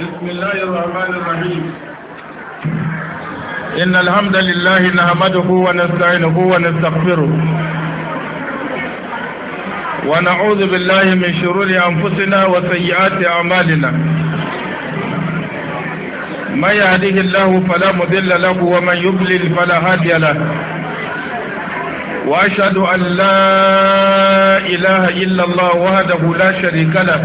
بسم الله الرحمن الرحيم إن الحمد لله نحمده ونستعينه ونستغفره ونعوذ بالله من شرور أنفسنا وسيئات أعمالنا من يهديه الله فلا مذل له ومن يضلل فلا هادي له وأشهد أن لا إله إلا الله وحده لا شريك له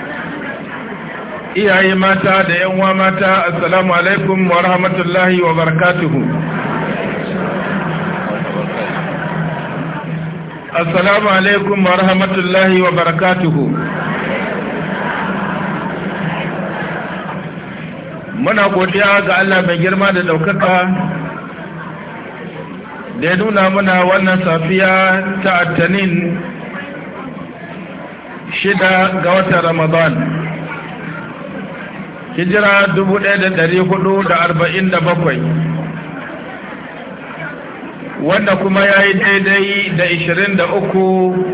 iyaye mata da yan uwa mata assalamu alaikum wa rahmatullahi wa barakatuhu assalamu alaikum wa rahmatullahi wa barakatuhu muna godiya ga Allah mai girma da daukaka da ya nuna muna wannan safiya ta attanin shida ga watan ramadan hijira bakwai, wanda kuma ya yi daidai da uku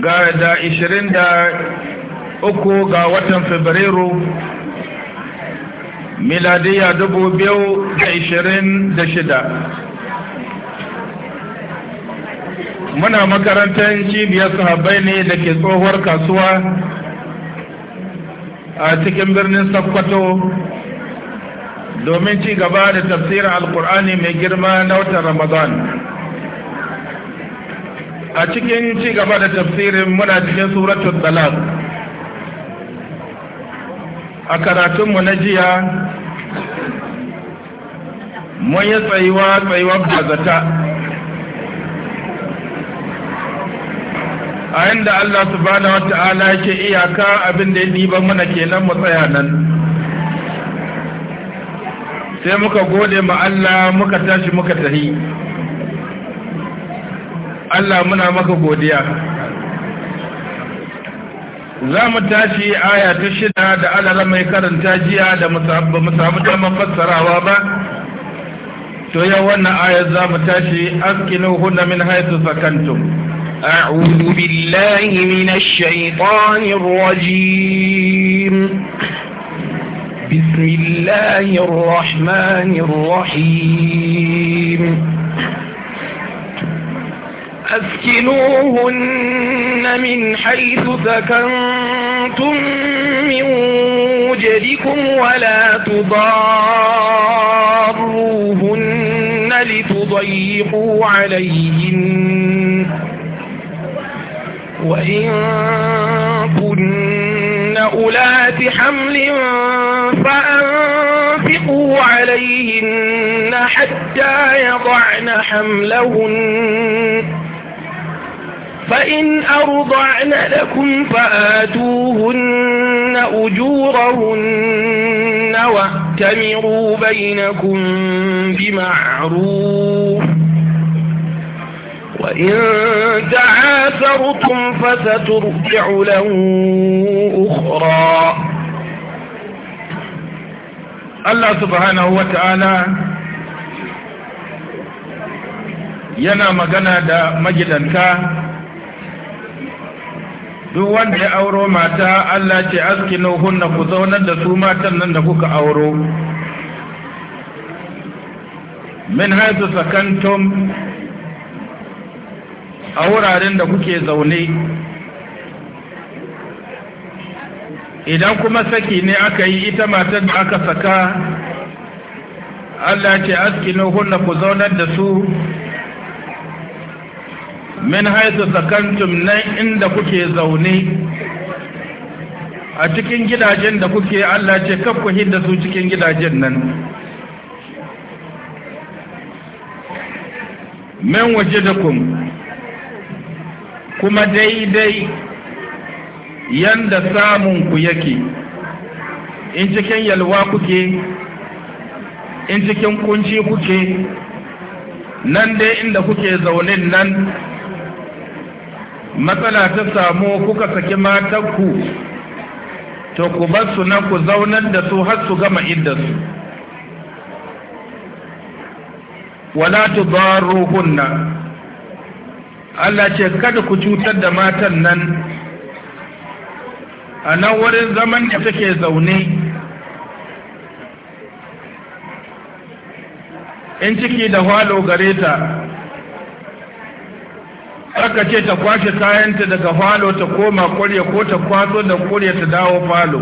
ga da uku ga watan fabrairu miladiya dubu biyu da da ishirin shida, muna makarantar cibiyar sahabbai ne da ke tsohuwar kasuwa a cikin birnin Sokoto domin ci gaba da tafsirin alkur'ani mai girma na watan Ramadan a cikin ci gaba da tafsirin muna cikin suratun talak a karatunmu na jiya mun yi tsayuwa tsayuwar bazata a inda Allah subhanahu wata'ala yake iyaka abin da ya diba mana kenan mu tsaya nan sai muka gode ma Allah muka tashi muka tahi Allah muna maka godiya za mu tashi aya ta shida da alala mai karanta jiya da mu samu damar fassarawa ba to yau wannan aya za mu tashi askinu hunna min haitu sakantum أعوذ بالله من الشيطان الرجيم بسم الله الرحمن الرحيم أسكنوهن من حيث سكنتم من وجدكم ولا تضاروهن لتضيقوا عليهن وإن كن أولات حمل فأنفقوا عليهن حتى يضعن حملهن فإن أرضعن لكم فآتوهن أجورهن واعتمروا بينكم بمعروف وإن تعاثرتم فسترجع له أخرى الله سبحانه وتعالى yana magana da magidanta duk wanda ya auro mata Allah ce askinu hunna ku zaunar da su matan nan da kuka auro min haitu sakantum a wuraren da kuke zaune idan kuma saki ne aka yi ita matar da aka saka Allah ce askinu hunna ku zaunar da su min haisu sakantum nan inda kuke zaune a cikin gidajen da kuke Allah ce ku hidda su cikin gidajen nan min waje da kuma daidai yanda samun ku yake in cikin yalwa kuke in cikin kunci kuke nan dai inda kuke zaunin nan matsala ta samu kuka saki matanku to ku bar su nan ku zaunar da su har su gama iddarsu wala tudaruhunna Allah ce kada ku cutar da matan nan a nan wurin zaman da take zaune in ciki da walo gare ta aka ce ta kwashe kayanta daga falo ta koma kurya ko ta kwaso da kurya ta dawo falo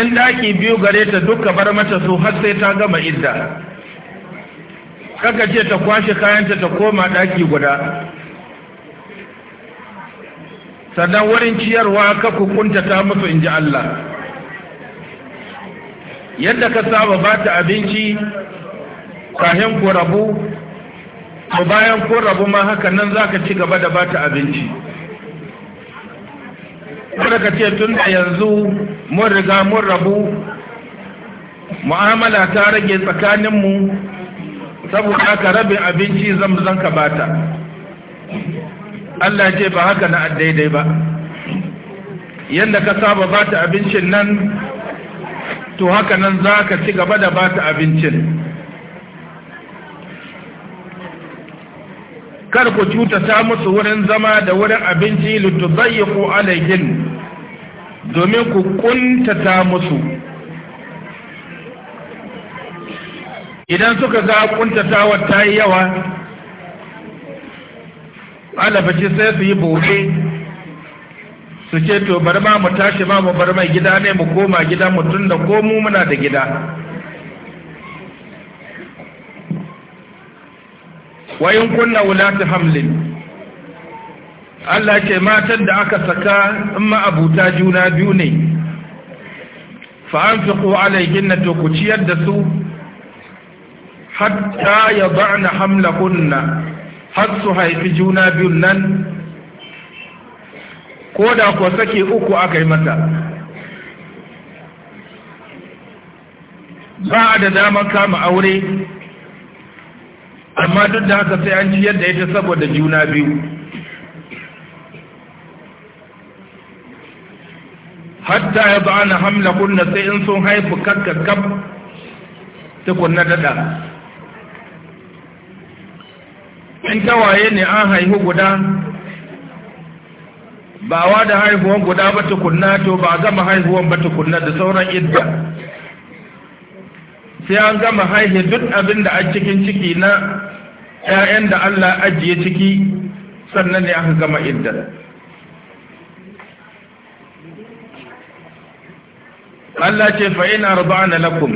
in daki biyu gare ta duka bar mata su har sai ta gama idda kaka ce ta kwashe kayanta ta koma ɗaki guda sannan wurin ciyarwa ka kunta ta musu in ji Allah yadda ka saba ba ta abinci kahin ku rabu ko bayan ko rabu ma haka nan za ka ci gaba da ba ta abinci kada ka ce tun da yanzu mun riga mun rabu mu'amala ta rage tsakaninmu saboda haka rabin abinci zan ka bata Allah ce ba haka na daidai ba yadda ka saba bata abincin nan to haka nan za ka ci gaba da bata abincin kar ku cutata musu wurin zama da wurin abinci littu zai alaihin domin ku kuntata musu idan suka ga tawar ta yi yawa alabaci sai su yi bude su ce to bari ma mu tashi ma mu bar mai gida ne mu koma gida mu tunda da ko mu muna da gida wayin kunna wulatu hamlin Allah ce matan da aka saka in ma ma'abuta juna biyu ne an fi ko na to ku ciyar da su hatta ya ba'na hamla har su haifi juna biyun nan ko da kuwa sake uku aka yi mata ba da damar kama aure amma duk da haka sai an ci yadda ita saboda juna biyu hatta ya ba'ana kunna sai in sun haifi kakka kaf tukunna daɗa gawaye ne an haihu guda ba wa da haihuwan guda ba tukunna to ba gama haihuwan ba tukunna da sauran idda sai an gama haihe duk abin da a cikin ciki na 'ya'yan da Allah ajiye ciki sannan ne aka gama idda Allah ce fa'in na lakum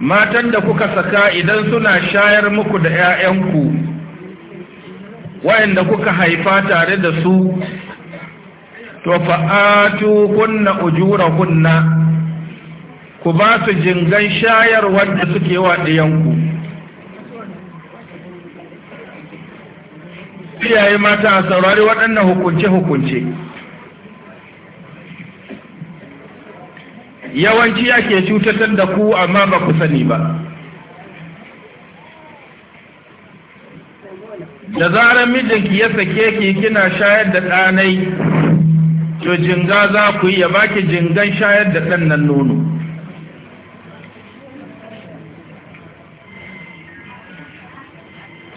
matan da kuka saka idan suna shayar muku da 'ya'yanku wayanda kuka haifa tare da su to fa'atu kunna ujura kunna ku ba su jingan shayar wanda suke wa ɗiyanku iyaye mata a saurari waɗannan hukunce-hukunce yawanci ake cutatar da ku amma ba ku sani ba da zarar mijinki ya sake ki kina shayar da ɗanai to jinga za ku yi ya baki jingan shayar da ɗan nan nono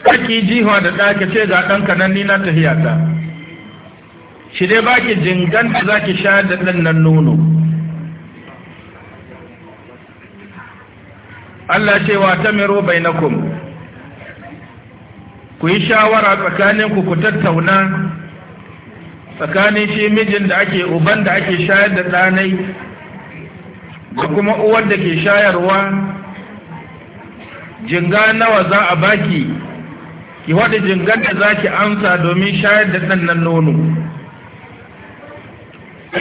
kaki jiwa da ɗaka ce ga ɗanka nan nina hiyata shi dai baki jingan da za ki shayar da ɗan nan nono Allah ce wa ta na bainakum ku yi shawara tsakanin ku ku tattauna tsakanin shi mijin da ake uban da ake shayar da ɗanai da kuma uwar da ke shayarwa jinga nawa za a baki ki waɗa jingar da za ki amsa domin shayar da ɗan nono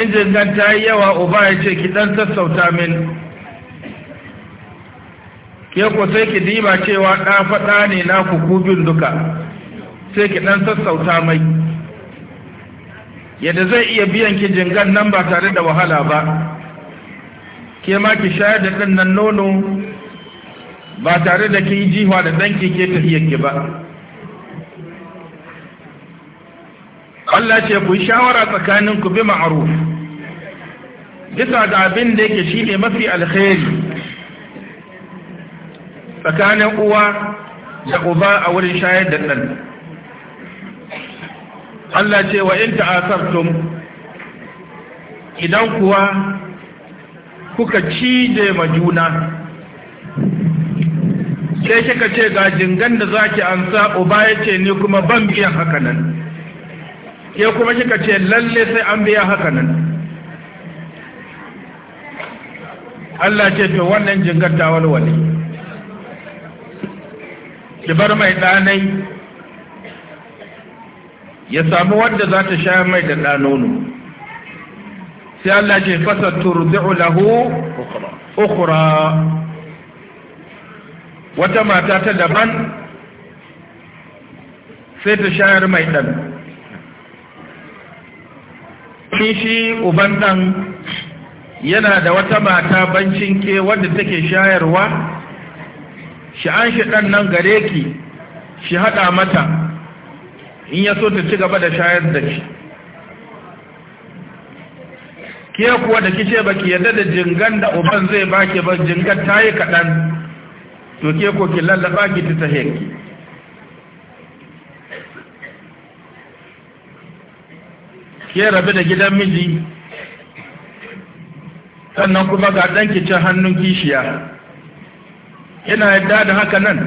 in jingar ta yi yawa uba ya ce ki ɗan sassauta min ke ko sai ki diba cewa ɗa faɗa ne na ku kukubin duka sai ki ɗan sassauta mai yadda zai iya biyan ki jingan nan ba tare da wahala ba ke ma ki shayar da ɗan nan nono ba tare da ki jiwa da ɗanki ke ki ba Allah ce ku shawara tsakanin ku bi ma'ruf bisa da abin da yake shine mafi alkhairi tsakanin uwa da uba a wurin shayar da ɗan Allah ce wa in ta'asartum idan kuwa kuka cije ma juna sai kika ce ga jingan da zaki ansa uba ya ce ni kuma ban biyan haka nan ke kuma kika ce lalle sai an biya haka nan Allah ce to wannan jingar ta walwale ki bar mai ɗanai ya samu wanda za ta sha mai da ɗanono sai Allah ce fasa turdi'u lahu ukhra wata mata ta daban sai ta shayar mai ɗan shi shi uban ɗan yana da wata mata bancin ke wadda take shayarwa shi an shi ɗan nan gare ki shi haɗa mata in ya so ta ci gaba da shayar da shi ke kuwa da kice ba ki yadda da jingan da uban zai baki ba jingan ta yi kaɗan to ke ko ki lallaba ki ta tahe ki ke Rabi da gidan miji sannan kuma ga ɗanki cin hannun kishiya yana yadda da haka nan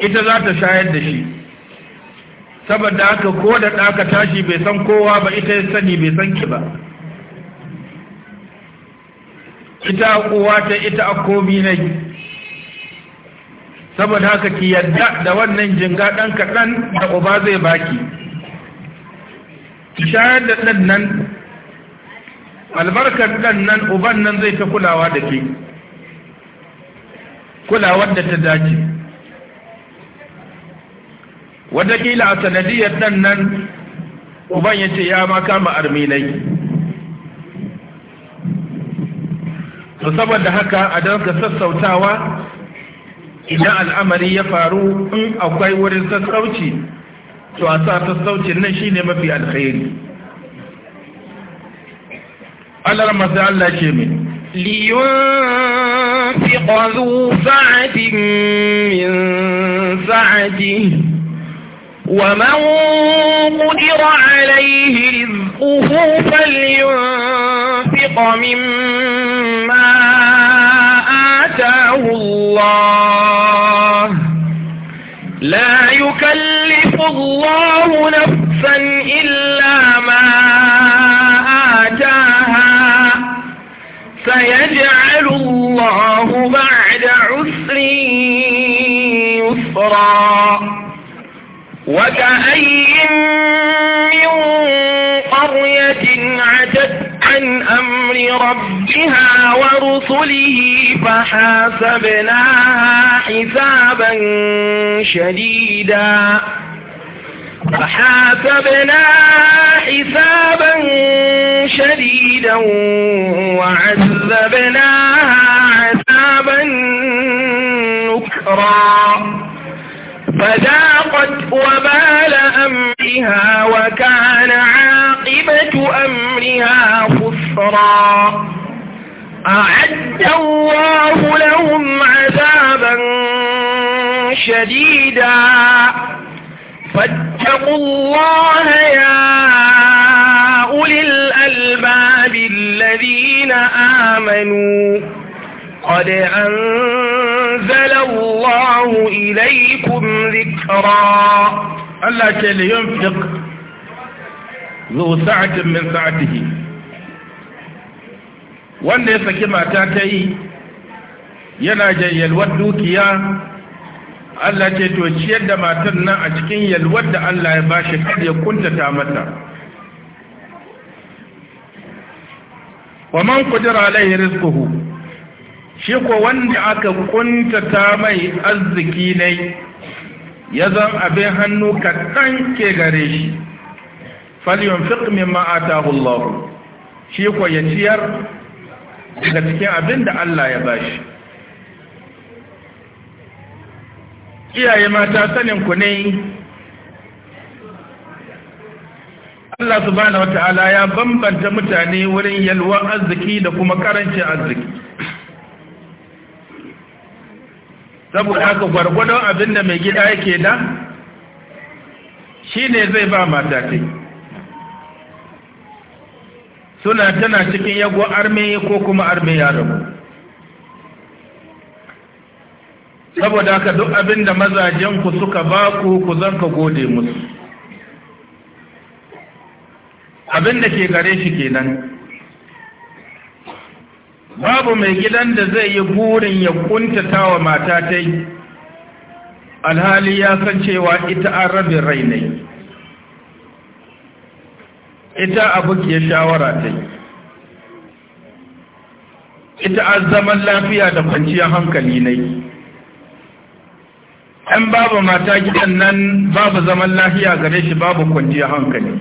ita za ta shayar da shi saboda haka ko da ɗaka tashi bai san kowa ba ita ya sani bai san ki ba ita kowa ta ita a komi na saboda haka ki yadda da wannan jinga ɗan kaɗan da uba zai baki ki shayar da ɗan nan albarkar ɗan nan uban nan zai ta kulawa da ke kulawar da ta dace kila a sanadiyar nan nan uban ya ce ya ma kama arminai to saboda haka a don ka sassautawa idan al'amari ya faru in akwai wurin sassauci to a sa sassaucin nan shine mafi alkhairi Allah ramasa Allah ce mai لينفق ذو سعة من سعته ومن قدر عليه رزقه فلينفق مما آتاه الله لا يكلف الله نفسا إلا ما سيجعل الله بعد عسر يسرا وكأي من قرية عتت عن أمر ربها ورسله فحاسبناها حسابا شديدا فحاسبنا حسابا شديدا وعذبناها عذابا نكرا فذاقت وبال أمرها وكان عاقبة أمرها خسرا أعد الله لهم عذابا شديدا فاتقوا الله يا أولي الألباب الذين آمنوا قد أنزل الله إليكم ذكرا الله كان ينفق ذو سعة من سعته وأن يسكي ما mata ta yi Allah ce to ciyar da matar nan a cikin yalwar da Allah ya bashi kada ya kuntata mata wa man qadara alaihi rizquhu shi ko wanda aka kuntata mai arziki ne ya zan abin hannu kaɗan ke gare shi falyon fiƙ mimma atahu Allah shi ko ya ciyar daga cikin abin da Allah ya bashi iyaye mata sanin ku ne Allah subhanahu wata'ala ya bambanta mutane wurin yalwa arziki da kuma karancin arziki saboda haka gwargwadon abin da mai gida yake da shi ne zai ba mata ta suna tana cikin yago arme ko kuma arme ya rabu saboda haka duk abin da mazajen suka ba ku ku zanka gode musu abin da ke gare shi kenan babu mai gidan da zai yi burin ya kuntata wa mata ta alhali ya san cewa ita an rabin rai ne ita ke shawara ta ita an zaman lafiya da kwanciyar hankali ne yan babu mata gidan nan babu zaman lafiya gare shi babu kwanciya hankali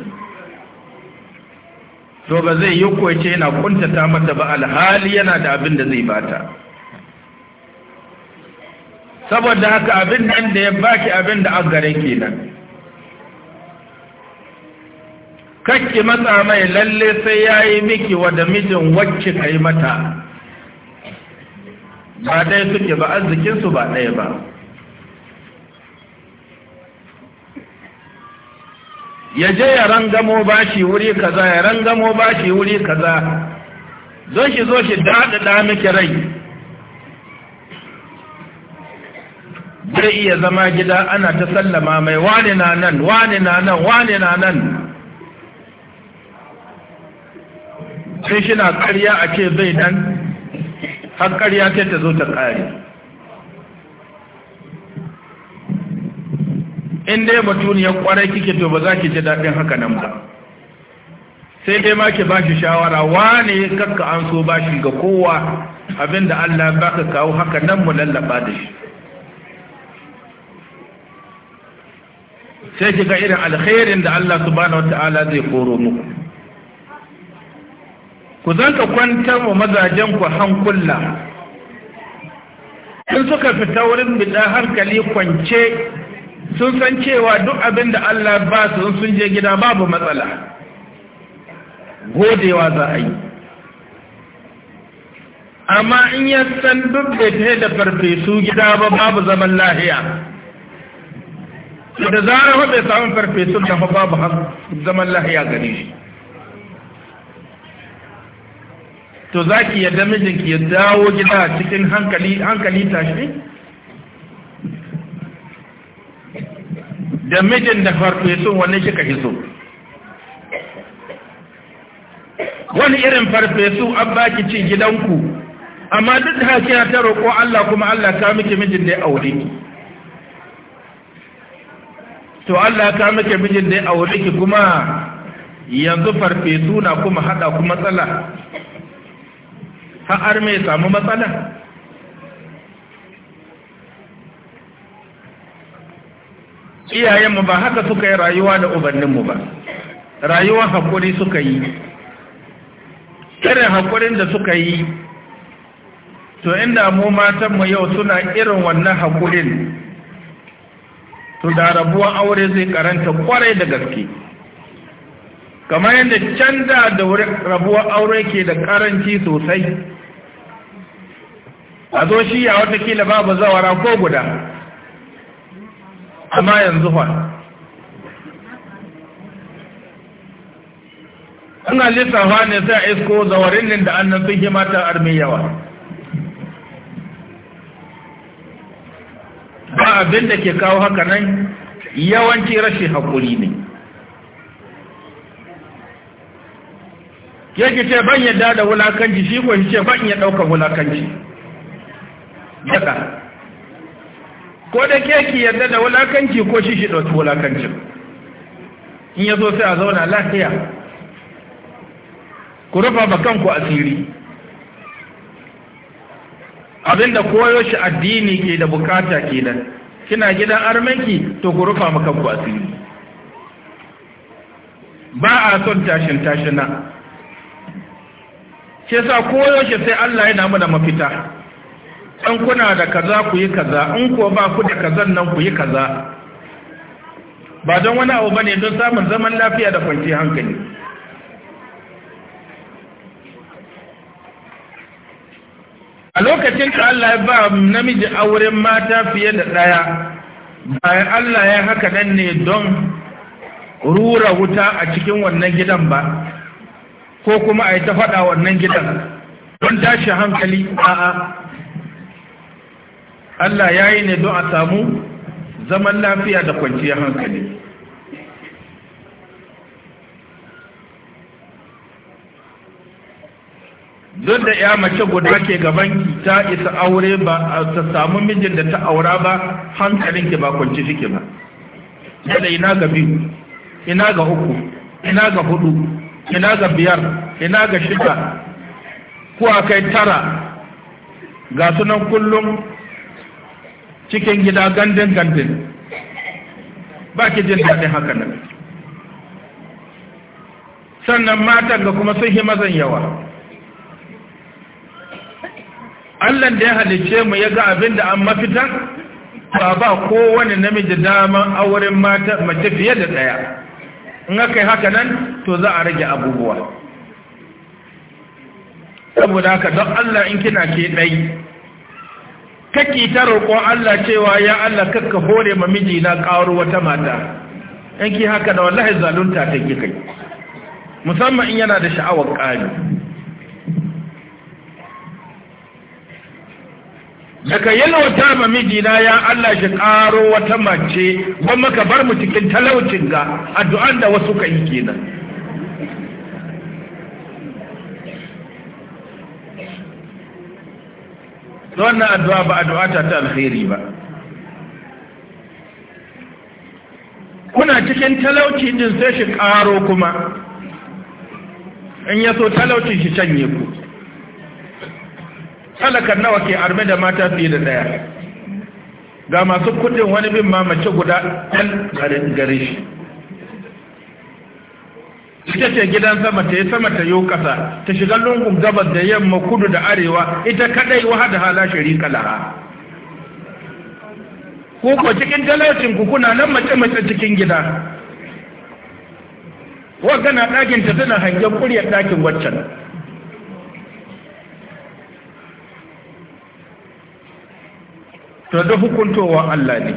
to ba zai yi kwace yana kuntata mata ba alhali yana da abin da zai bata saboda haka abin nan da ya baki abin da an gare kenan kakki matsa mai lalle sai ya yi miki da mijin wacce ka yi mata ba ɗaya suke ba arzikinsu ba ɗaya ba ya je ya rangamo bashi wuri kaza ya rangamo bashi wuri kaza zo shi zo shi daɗaɗa miki rai zai iya zama gida ana ta sallama mai wani na nan wani na nan wani na nan sai shi na ƙarya a ce zai nan har ƙarya ta ta zo ta ƙare in dai batuniyar kwarai kike to ba za ki ji daɗin haka nan ba sai dai ma ki ba shi shawara wane kakka an so ba shi ga kowa abinda Allah ba ka kawo haka nan mu lallaba da shi sai ki ga irin alkhairin da Allah subhanahu wata'ala zai koro muku ku zanka kwantar wa mazajen ku hankula in suka fita wurin bida hankali kwance sun san cewa duk abin da Allah ba su sun je gida babu matsala godewa za a yi amma in ya san duk da ta da farfesu gida ba babu zaman lahiya da zarar bai samun farfesu da babu zaman lahiya gani. to za ki yadda mijinki ya dawo gida cikin hankali hankali tashi da mijin da farfesun wanne kika fi so wani irin farfesu an baki cin gidanku amma duk da haka ta roƙo Allah kuma Allah ka miki mijin da ya aure ki to Allah ka miki mijin da ya aure ki kuma yanzu farfesu na kuma hada ku matsala har mai samu matsala iyayenmu ba haka suka yi rayuwa da ubanninmu ba rayuwar haƙuri suka yi irin haƙurin da suka yi to inda mu matanmu yau suna irin wannan haƙurin to da aure zai karanta kwarai da gaske kamar yadda canza da rabuwar aure ke da karanci sosai a zo shi a watakila babu zawara ko guda amma yanzu fa ina lissafa ne sai a isko zawarin da annan sun yi mata armi yawa ba abin da ke kawo haka nan yawanci rashin haƙuri ne yake ce ban yadda da wulakanci shi ko shi ce ban ya ɗaukar wulakanci ko da ke ki yarda da wulakanci ko shi shi ɗauki wulakancin in ya zo sai a zauna lafiya ku rufa ba kanku asiri abinda koyo shi addini ke da bukata nan, kina gidan armanki to ku rufa ma kanku asiri ba a son tashin tashina ke sa koyo shi sai Allah yana mana mafita in kuna da kaza ku yi kaza in ko ba ku da kazan nan ku yi kaza ba don wani abu bane don samun zaman lafiya da kwanciyar hankali a lokacin da Allah ya ba namiji auren mata fiye da ɗaya bayan Allah ya haka nan ne don rura wuta a cikin wannan gidan ba ko kuma a yi ta faɗa wannan gidan don tashi hankali a'a Allah ya yi ne don a samu zaman lafiya da kwanciyar hankali don da ya mace guda ke gaban ta isa aure ba ta samu mijin da ta aura ba hankalin ba kwanci shike ba yadda ina ga biyu ina ga uku ina ga hudu ina ga biyar ina ga shida ko a kai tara ga sunan kullum cikin gida gandun gandun ba ki jin daɗin haka nan sannan matan ga kuma sun yi mazan yawa Allah da ya halicce mu ya ga abin da an mafita ba ba kowane namiji daman auren mata mace fiye da ɗaya in aka yi haka nan to za a rage abubuwa saboda haka don Allah in kina ke ɗai kake ta roƙon Allah cewa ya Allah kakka hore ma miji na ƙaro wata mata yanki haka da wallahi zalunta ta ki kai musamman in yana da sha'awar ƙari daga yalwata ma miji na ya Allah shi ƙaro wata mace ban ka bar mu cikin talaucin ga addu'an da wasu ka yi kenan da wannan addu'a ba addu'a ta ta alkhairi ba kuna cikin talauci din sai shi ƙaro kuma in ya talauci shi canye ku talakan nawa ke arme da mata fiye da ɗaya ga masu kudin wani bin mamace guda ɗan garin gare shi ita ce gidan sama ta yi sama ta yi kasa ta shiga lungun gabas da yamma kudu da arewa ita kadai wahada hala shirika laha ko ko cikin talaucin ku kuna nan mace mace cikin gida wagga na ɗakin ta tana hangen kuryar ɗakin waccan to da hukuntowa Allah ne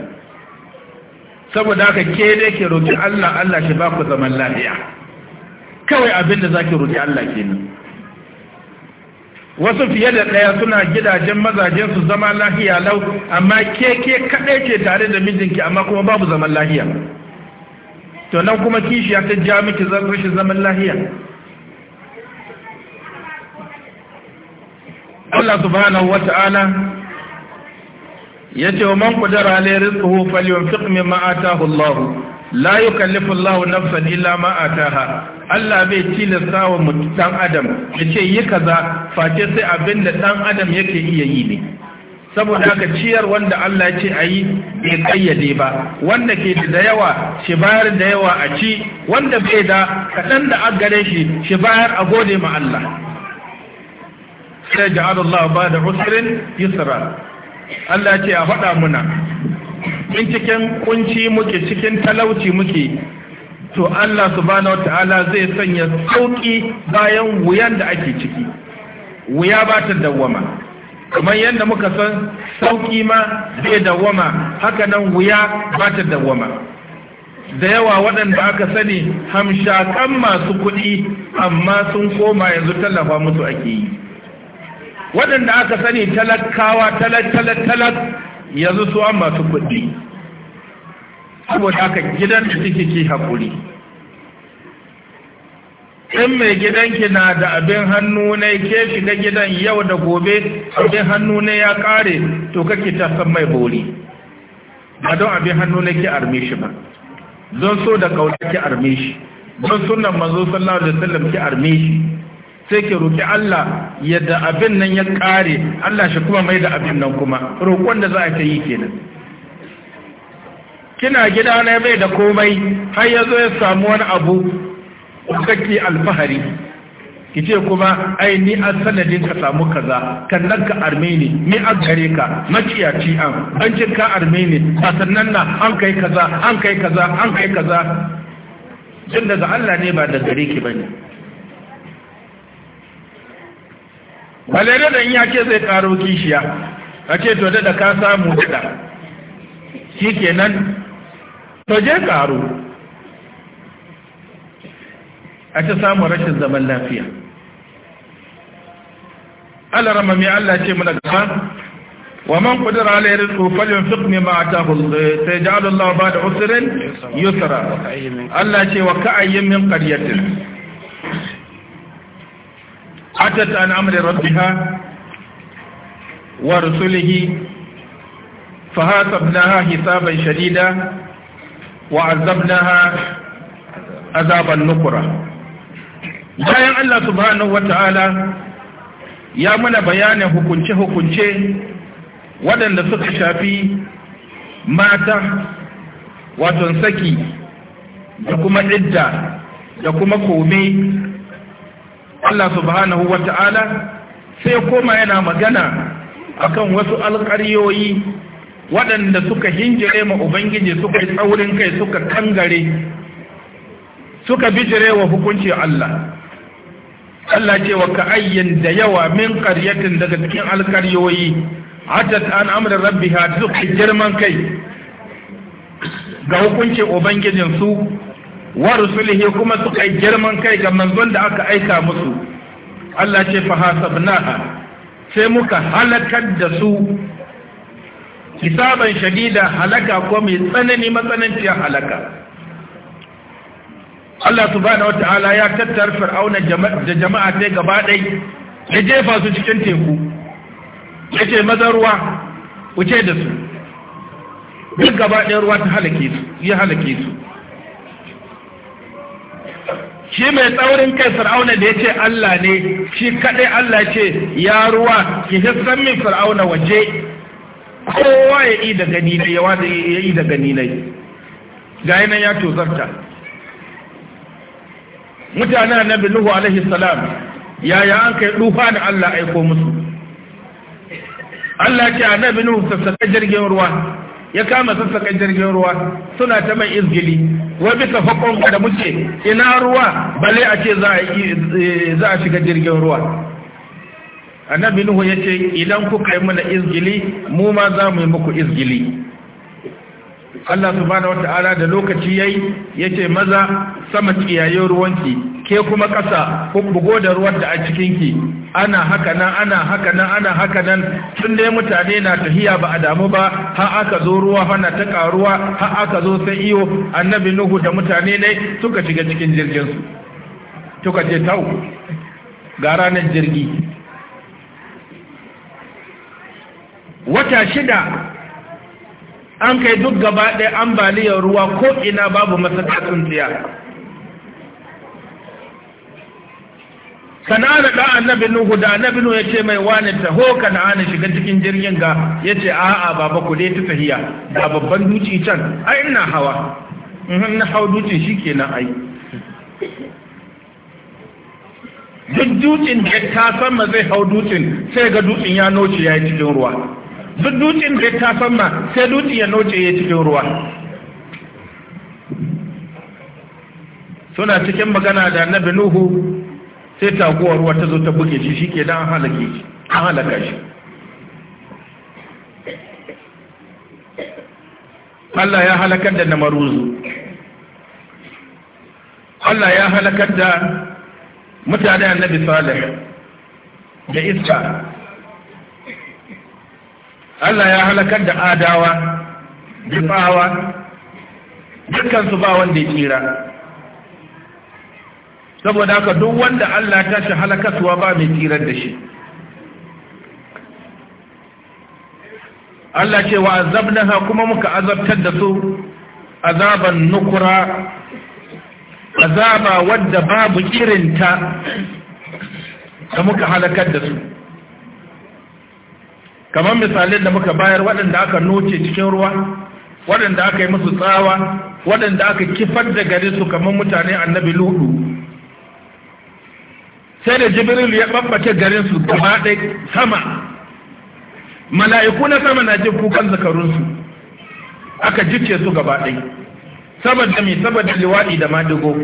saboda haka ke dai ke roƙi Allah Allah shi ba ku zaman lafiya kawai abin da zaki roki Allah kenan wasu fiye da ɗaya suna gidajen mazajen su zama lahiya lau amma ke ke kaɗai ce tare da mijinki amma kuma babu zaman lahiya to nan kuma kishiya ta ja miki rashin zaman lahiya Allah subhanahu wata'ala ya ce wa man kudara ne rizquhu falyunfiq mimma ataahu Allah la yukallifu Allahu nafsan illa ma Allah bai tilasta wa ɗan adam ya ce yi kaza face sai abin da dan adam yake iya yi ne saboda aka ciyar wanda Allah ce a yi bai kayyade ba wanda ke da yawa shi bayar da yawa a ci wanda bai da kaɗan da an gare shi shi bayar a gode ma Allah sai ja'alallahu ba da usrin yusra Allah ce a faɗa muna Mun cikin kunci muke cikin talauci muke to Allah subhanahu wata'ala zai sanya sauƙi bayan wuyan da ake ciki wuya ba ta dawwama kamar yadda muka san sauƙi ma zai dawwama haka nan wuya ba ta dawwama da yawa waɗanda aka sani hamshakan masu kuɗi amma sun koma yanzu tallafa musu ake yi waɗanda aka sani talakawa talak talak talak yanzu su an masu kuɗi saboda haka gidan da suke ke haƙuri in mai gidanki na da abin hannu ne ke shiga gidan yau da gobe abin hannu ne ya kare to kake ta san mai bori ba don abin hannu ne ke arme shi ba zan so da kauna ke arme shi don sunan mazo sallallahu alaihi wasallam ke arme shi sai ke roƙi Allah yadda abin nan ya ƙare, Allah shi kuma mai da abin nan kuma roƙon da za a ta yi kenan kina gida na bai da komai har ya zo ya samu wani abu kake alfahari ki ce kuma ai ni an sanadin ka samu kaza kan nan ka armeni ni an gare ka maciyaci an an cin ka armeni a sannan na an kai kaza an kai kaza an kai kaza jin daga Allah ne ba da gare ki bane balere da in ya ce zai karo kishiya a ce to da ka samu da shi kenan to je karo a ta samu rashin zaman lafiya Allah ramami Allah ce mu daga kan wa man qadara ala rizqu a mimma Sai sayaj'alu Allahu ba'da usirin yusra Allah ce wa ka'ayyin min qaryatin عدت عن أمر ربها ورسله فهاتبناها حسابا شديدا وعذبناها عذابا نكرا bayan Allah subhanahu wata'ala ya mana bayanin hukunce-hukunce waɗanda suka shafi mata waton saki da kuma idda da kuma kome Allah subhanahu wa ta'ala sai koma yana magana akan wasu alƙaryoyi waɗanda suka hinjire ma Ubangiji suka yi tsaurin kai suka kangare suka bijire wa hukunci Allah Allah ce wa ka'ayyin da yawa min ƙaryatin daga cikin alƙaryoyi hatat an amra rabbiha suka girman kai ga hukuncin Ubangijinsu wa rusulihi kuma suka yi girman kai ga manzon da aka aika musu Allah ce fa hasabnaha sai muka halakar da su hisaban shadida halaka ko mai tsanani matsananciyar halaka Allah subhanahu ta'ala ya tattar fir'auna da jama'a sai gaba dai ya jefa su cikin teku ya ce maza ruwa wuce da su duk gaba ɗaya ruwa ta halake su ya halake su shi mai tsaurin kai fir'auna da ya ce Allah ne shi kaɗai Allah ce ya ruwa ki hissan min fir'auna waje kowa ya yi da gani na yawa da ya yi da gani na ga nan ya tozarta mutane na nuhu alaihi salam yaya an kai dufa da Allah aiko musu Allah ce annabi nuhu sassaka jirgin ruwa ya kama sassaƙan jirgin ruwa suna ta mai izgili wai bisa faƙon da muke ina ruwa bale a ce e, za a shiga jirgin ruwa annabi nuhu ya ce idan kuka yi mana izgili mu ma za mu yi muku izgili Allah subhanahu wata'ala da lokaci yayi yace maza sama kiyaye ruwanki ke kuma ƙasa ku bugo da ruwan da a cikinki ana haka nan ana haka nan ana haka nan tun dai mutane na tahiya ba a damu ba har aka zo ruwa hana ta karuwa har aka zo sai iyo annabi nuhu da mutane ne suka shiga cikin jirgin su suka je tau ga ranar jirgi wata shida an kai duk gaba ɗaya ambaliyar ruwa ko ina babu masaka tsintsiya kanana da annabi nuhu da annabi nuhu yace mai wani taho kanana shiga cikin jirgin ga yace a'a baba ku dai ta tahiya da babban duci can ai ina hawa mhm, in na hau duci shikenan ai duk dutsen da ta sama zai hau dutsen sai ga dutsen ya noce ya yi cikin ruwa duk dutsen da ta sama sai dutse ya noce ya cikin ruwa suna cikin magana da annabi nuhu sai taguwar ruwa ta zo ta buge shi shike dan halake shi an halaka shi Allah ya halakar da namaruzu Allah ya halakar da mutane annabi salih da iska Allah ya halakar da adawa jifawa dukkan su ba wanda ya tsira saboda haka duk wanda Allah ta shi halakatuwa ba mai tsirar da shi Allah ce wa azabnaha kuma muka azabtar da su azaban nukura azaba wadda babu irinta da muka halakar da su kamar misalin da muka bayar waɗanda aka noce cikin ruwa waɗanda aka yi musu tsawa waɗanda aka kifar da gare su kamar mutane annabi ludu sai da jibril ya ɓaɓɓace garin su gaba ɗai sama mala'iku na sama na jin kukan zakarunsu aka jice su gaba ɗai saboda mai saboda liwaɗi da madigo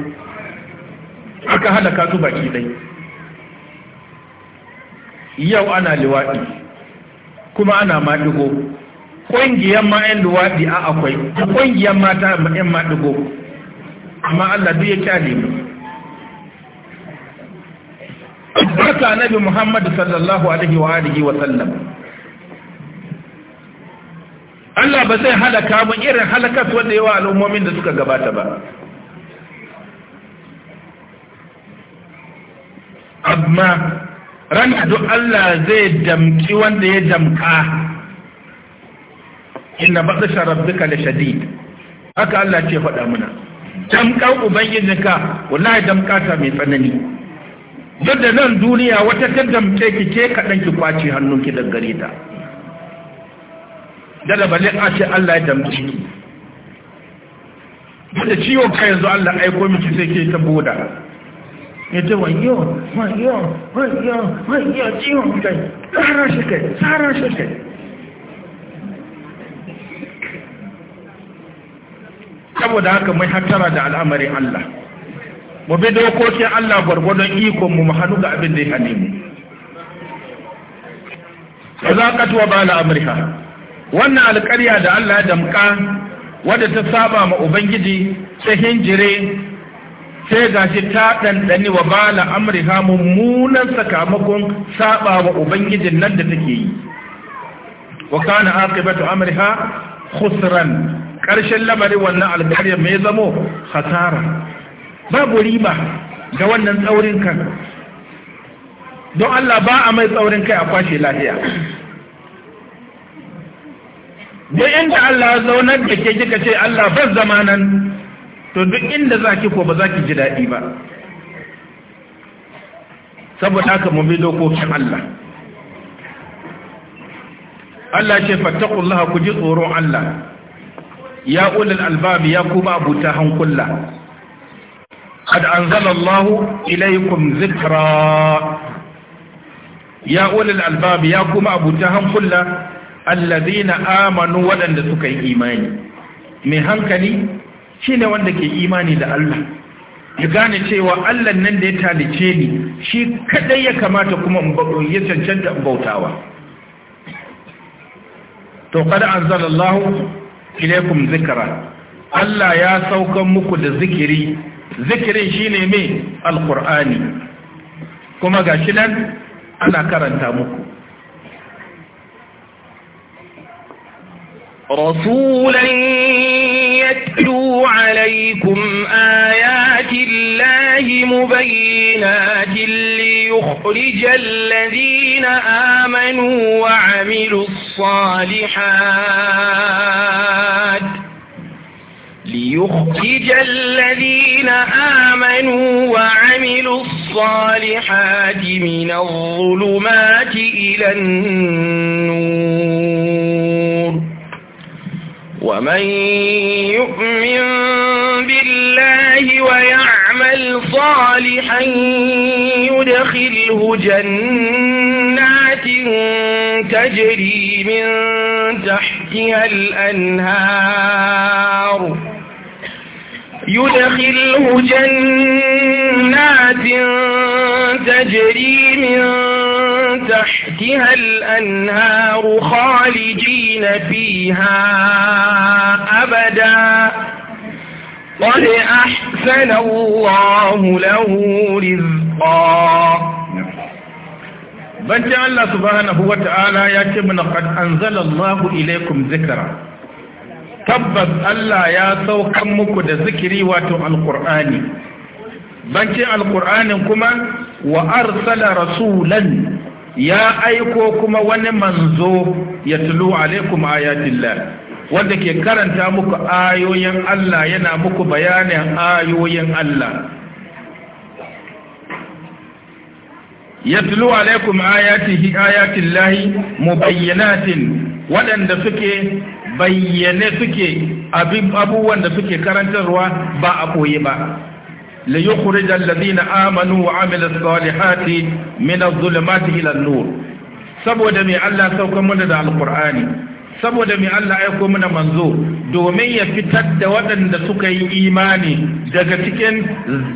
aka halaka su baki ɗai yau ana liwaɗi kuma ana maɗigo ƙungiyar ma 'yan luwaɗi a akwai ƙungiyar mata 'yan maɗigo amma Allah duk ya kyale mu haka nabi Muhammad sallallahu alaihi wa alihi wa sallam Allah ba zai halaka mu irin halakas wanda yawa al'ummomin da suka gabata ba amma ran duk Allah zai damki wanda ya damka inna batsha rabbika la shadid haka Allah ce faɗa muna damkan ubangijinka wallahi damka ta mai tsanani duk da nan duniya wata ta damke ki ke kaɗan ki kwace ki da gare ta dala bale a ce Allah ya damke ki da ciwon kai yanzu Allah aiko miki sai ke ta boda ya ce wayo wayo wayo wayo ciwon kai tsara shi kai tsara shi kai saboda haka mai hattara da al'amarin Allah mu bi dokokin Allah gwargwadon ikon mu hannu ga abin da ya hane mu ba za ka tuwa ba al'amurka wannan alƙarya da Allah ya damƙa wadda ta saba ma Ubangiji ta hinjire sai gashi ta ɗanɗani wa bala amriha mummunan sakamakon saɓa wa ubangijin nan da take yi wa kana aqibatu amriha khusran Karshen lamarin wannan alƙaryar mai zamo hasara babu riba ga wannan tsaurin kan don Allah ba a mai tsaurin kai a kwashe lahiya da inda Allah zaunar da ke kika ce Allah ban zamanan to duk inda za ki ko ba za ki ji daɗi ba saboda haka mu bi dokokin Allah Allah ce fattaqullaha ku ji tsoron Allah ya ulul albab ya kuma abuta hankula qad anzala Allahu ilaykum zikra ya ulul ya kuma abuta hankula alladhina amanu wadanda suka yi imani mai hankali shi ne wanda ke imani da Allah ya gane cewa Allah nan da ya talice ni shi kadai ya kamata kuma ya cancanta bautawa to kada anzalallahu ilaikum zikra Allah ya saukan muku da zikiri zikirin shine me alqur'ani kuma gashi nan ana karanta muku rasulan يتلو عليكم آيات الله مبينات ليخرج الذين آمنوا وعملوا الصالحات ليخرج الذين آمنوا وعملوا الصالحات من الظلمات إلى النور ومن يؤمن بالله ويعمل صالحا يدخله جنات تجري من تحتها الأنهار يدخله جنات تجري من تحتها تحتها الأنهار خالجين فيها أبدا قد أحسن الله له رزقا بنت الله سبحانه وتعالى يا كمن قد أنزل الله إليكم ذكرا تبت ألا يا سو كمك ذكري واتو القرآن بنت القرآن كما وأرسل رسولا ya aiko kuma wani manzo ya tulu alaikum ayatillah wanda ke karanta muku ayoyin Allah yana muku bayanin ayoyin Allah ya tulu alaikum ayatihi ayatillahi mubayyanatin waɗanda suke bayyane suke abubuwan da suke karantarwa ba a koyi ba ليخرج الذين آمنوا وعملوا الصالحات من الظلمات إلى nur saboda mai Allah sauka mana da alkur'ani saboda mai Allah aiko mana manzo domin ya fitar da waɗanda suka yi imani daga cikin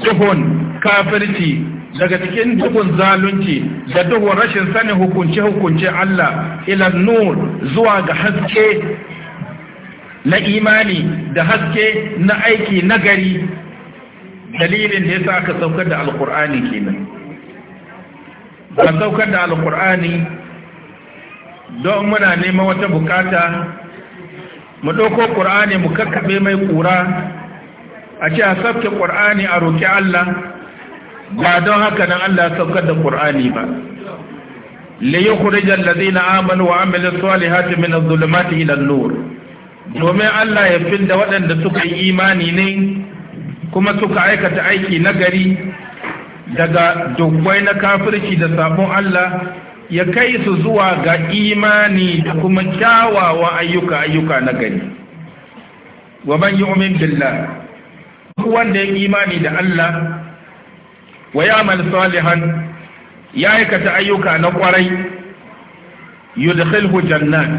duhun kafirci daga cikin duhun zalunci da duhun rashin sanin hukunce-hukunce Allah ilan nur zuwa ga haske na imani da haske na aiki nagari dalilin da ya sa aka saukar da alqur'ani kenan ba saukar da alqur'ani don muna neman wata bukata mu ɗauko ƙur'ani mu kakkaɓe mai ƙura a ce a sauke ƙur'ani a roƙi Allah ba don haka nan Allah ya saukar da ƙur'ani ba liyu khurijan ladina amanu wa amilus salihati min adh-dhulumati ila an-nur domin Allah ya da waɗanda suka yi imani ne kuma suka aikata aiki nagari daga dogwai na kafirci da sabon Allah ya kai su zuwa ga imani da kuma kyawawa ayyuka ayyuka nagari wa man yu'min billah wanda ya imani da Allah wa ya'mal salihan ya aikata ayyuka na kwarai yudkhilhu jannat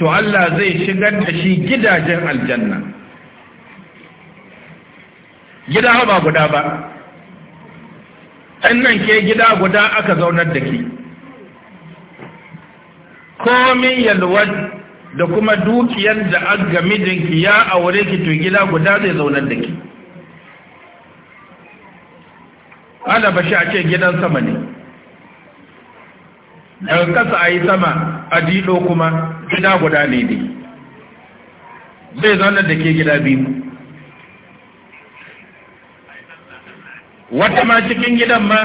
to Allah zai shigar da shi gidajen aljanna gida ba guda ba ɗannan nan ke gida guda aka zaunar da ke komin yalwar da kuma dukiyar da aga mijinki ya aure ki to gida guda zai zaunar da ke ana shi a ce gidan sama ne daga kasa a yi sama a dido kuma gida guda ne ne zai zaunar da ke gida biyu wata ma cikin gidan ma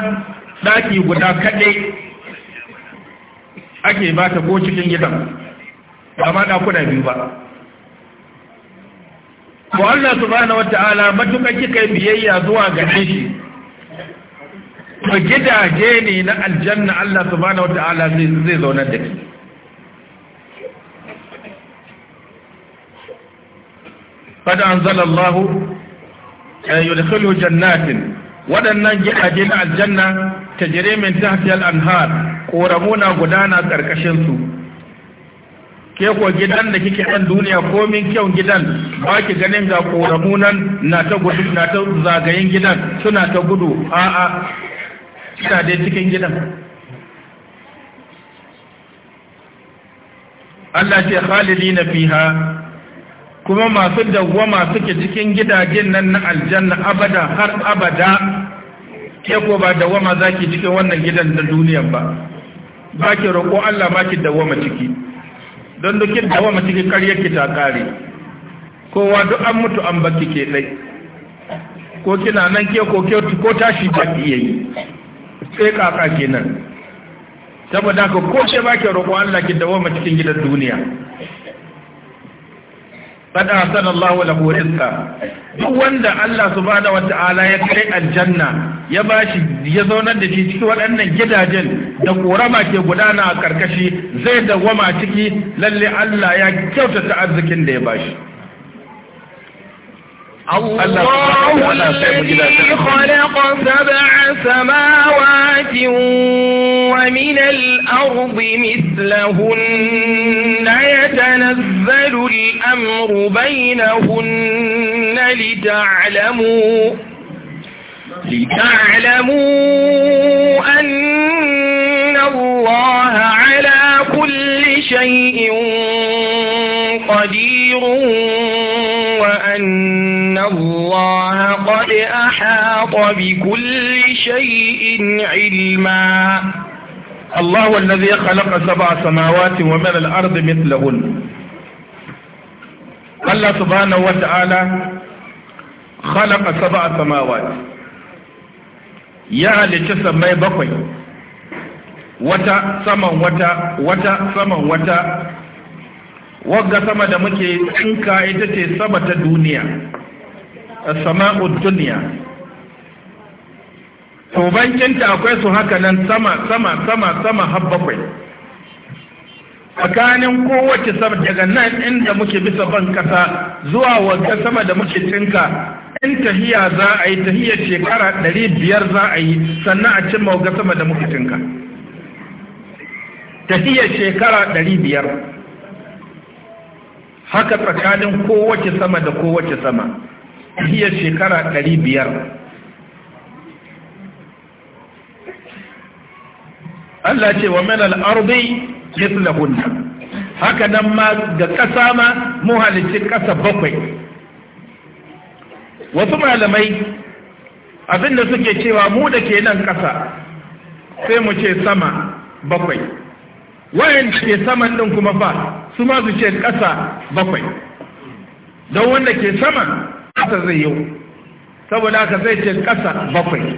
ɗaki guda kaɗai ake ba ta ko cikin gidan ba ma ɗakuna biyu ba ko Allah subhanahu wata'ala matuka kika biyayya zuwa ga shi to gidaje ne na aljanna Allah subhanahu wata'ala zai zaunar da ki قد أنزل الله يدخله جنات waɗannan gidaje na aljanna ta jire min tahtiyal anhar ƙoramu na gudana ƙarƙashinsu. ke ko gidan da kike ɗan duniya komin kyau gidan ba ki ganin ga ƙoramu nan na ta gudu na ta zagayen gidan suna ta gudu a'a kina dai cikin gidan Allah ce na fiha kuma masu masu suke cikin gidajen nan na aljanna abada har abada ke ko ba dawwama zaki cikin wannan gidan na duniyan ba ba ki roƙo Allah ba ki ma ciki don dukin ma ciki ƙaryar ki ta kare kowa duk an mutu an baki ke dai ko kina nan ke ko ke ko tashi ba ki yi sai kaka kenan saboda ko ko ce ba ki roƙo Allah ki ma cikin gidan duniya kada sallallahu Allah wa lahu duk wanda Allah subhanahu wata'ala ya kai aljanna ya bashi ya zaunar da shi cikin waɗannan gidajen da korama ke gudana a karkashi zai dawwama ciki lalle Allah ya kyautata arzikin da ya bashi الله الذي خلق سبع سماوات ومن الأرض مثلهن يتنزل الأمر بينهن لتعلموا لتعلموا أن الله على كل شيء قدير وأن الله قد أحاط بكل شيء علما الله الذي خلق سبع سماوات ومن الأرض مثلهن الله سبحانه وتعالى خلق سبع سماوات يا halicci ما يبقي وتا سما وتا وتا سما وتا wagga sama da muke tsinka ita ce sama ta duniya sama'ud duniya to bankinta akwai su haka nan sama sama sama sama har bakwai tsakanin kowace sama daga nan inda muke bisa ban kasa zuwa wagga sama da muke tsinka in tahiya za a yi tahiyar shekara ɗari biyar za a yi sannan a cimma wagga sama da muke tsinka tahiyar shekara ɗari biyar haka tsakanin kowace sama da kowace sama iya shekara ɗari biyar. Allah ce wa mana al-ardi haka nan ma ga ƙasa ma mu halicci ƙasa bakwai wasu malamai abinda suke cewa mu da ke nan ƙasa sai mu ce sama bakwai wayan ke saman ɗin kuma fa su ma su ce ƙasa bakwai don wanda ke sama ƙasa zai yi saboda aka zai ce ƙasa bakwai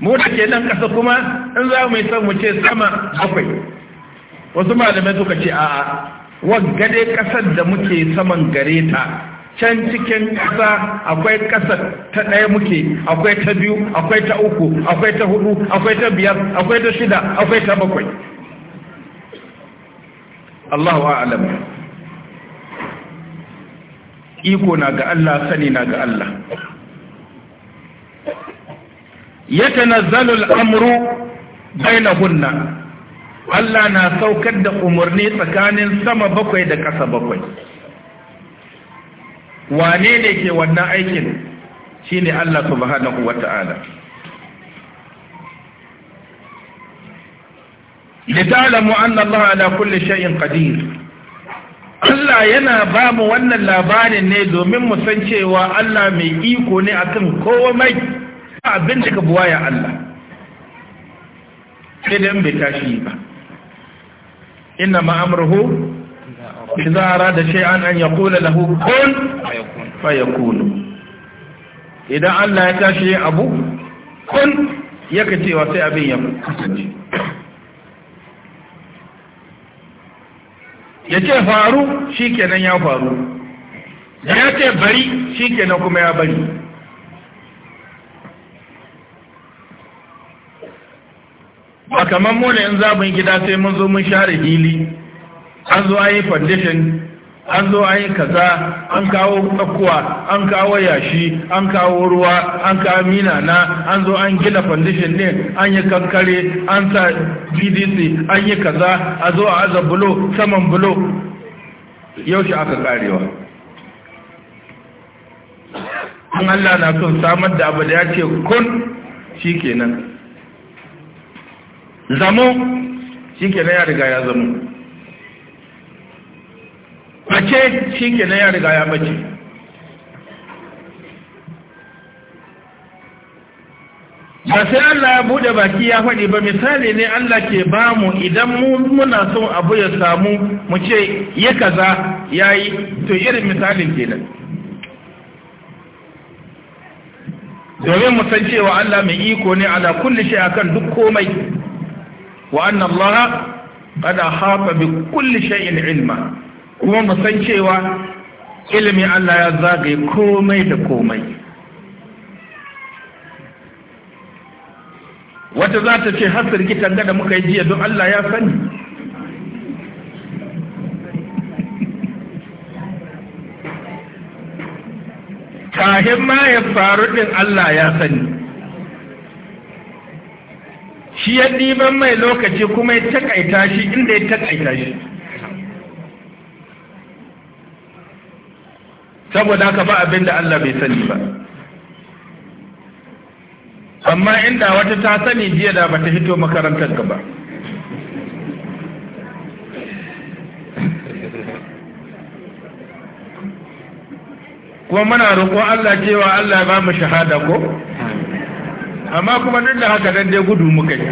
mu da ke nan ƙasa kuma in za mu yi san mu ce sama bakwai wasu malamai suka ce a'a wangade ƙasar da muke saman gare ta can cikin ƙasa akwai ƙasa ta ɗaya muke akwai ta biyu akwai ta uku akwai ta hudu akwai ta biyar akwai ta shida akwai ta bakwai Allahu a'lam iko na ga Allah sani na ga Allah yatanazzalu al-amru bainahunna Allah na saukar da umarni tsakanin sama bakwai da ƙasa bakwai wane ne ke wannan aikin shine Allah subhanahu wata'ala لتعلموا أن الله على كل شيء قدير Allah yana ba mu wannan labarin ne domin mu san cewa Allah mai iko ne akan komai abin da ka buwaya Allah sai da in bai tashi ba inna ma'amruhu idza arada shay'an an yaqula lahu kun fayakunu idan Allah ya tashi abu kun yaka cewa sai abin ya kasance ya ce faru shi kenan ya faru ya ce bari shi kenan kuma ya bari ba kamar mole in za gida sai mun zo mun share hili an zo ayi yi foundation an zo an yi kaza an kawo tsakuwa an kawo yashi an kawo ruwa an kawo mina na an zo an gina foundation ne an yi kankare an sa gdc an yi kaza a zo a aza bulo saman bulo yaushe aka karewa an allah na son samar da abu da ya ce kun shi kenan zamo shi ya riga ya zamo Mace shi ke na ya riga ya bace ba sai Allah ya bude baki ya faɗi ba misali ne Allah ke ba mu idan mu muna son abu ya samu mu ce ya kaza ya yi to irin misalin kenan domin mu san cewa Allah mai iko ne ala kulli shi akan duk komai wa anna Allah qad ahata bi kulli shay'in ilma kuma musan cewa ilimin Allah ya zagaye komai da komai wata za ta ce har sirgitan da muka yi jiya don Allah ya sani kahin ma ya faru din Allah ya sani shi ya ɗiban mai lokaci kuma ya takaita shi inda ya takaita shi saboda haka ba abin da Allah bai sani ba amma inda wata ta sani jiya da bata hito makarantar ka ba kuma muna roƙo Allah cewa Allah ba mu shahada ko amma kuma duk da haka dan dai gudu muka yi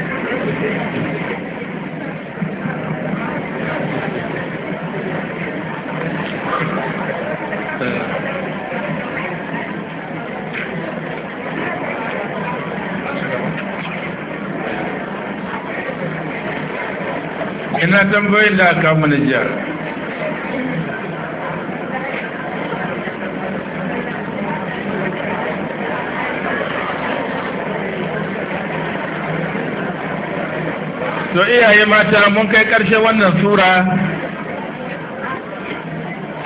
ina tambayin da aka mana jiya to iyaye mata mun kai karshe wannan sura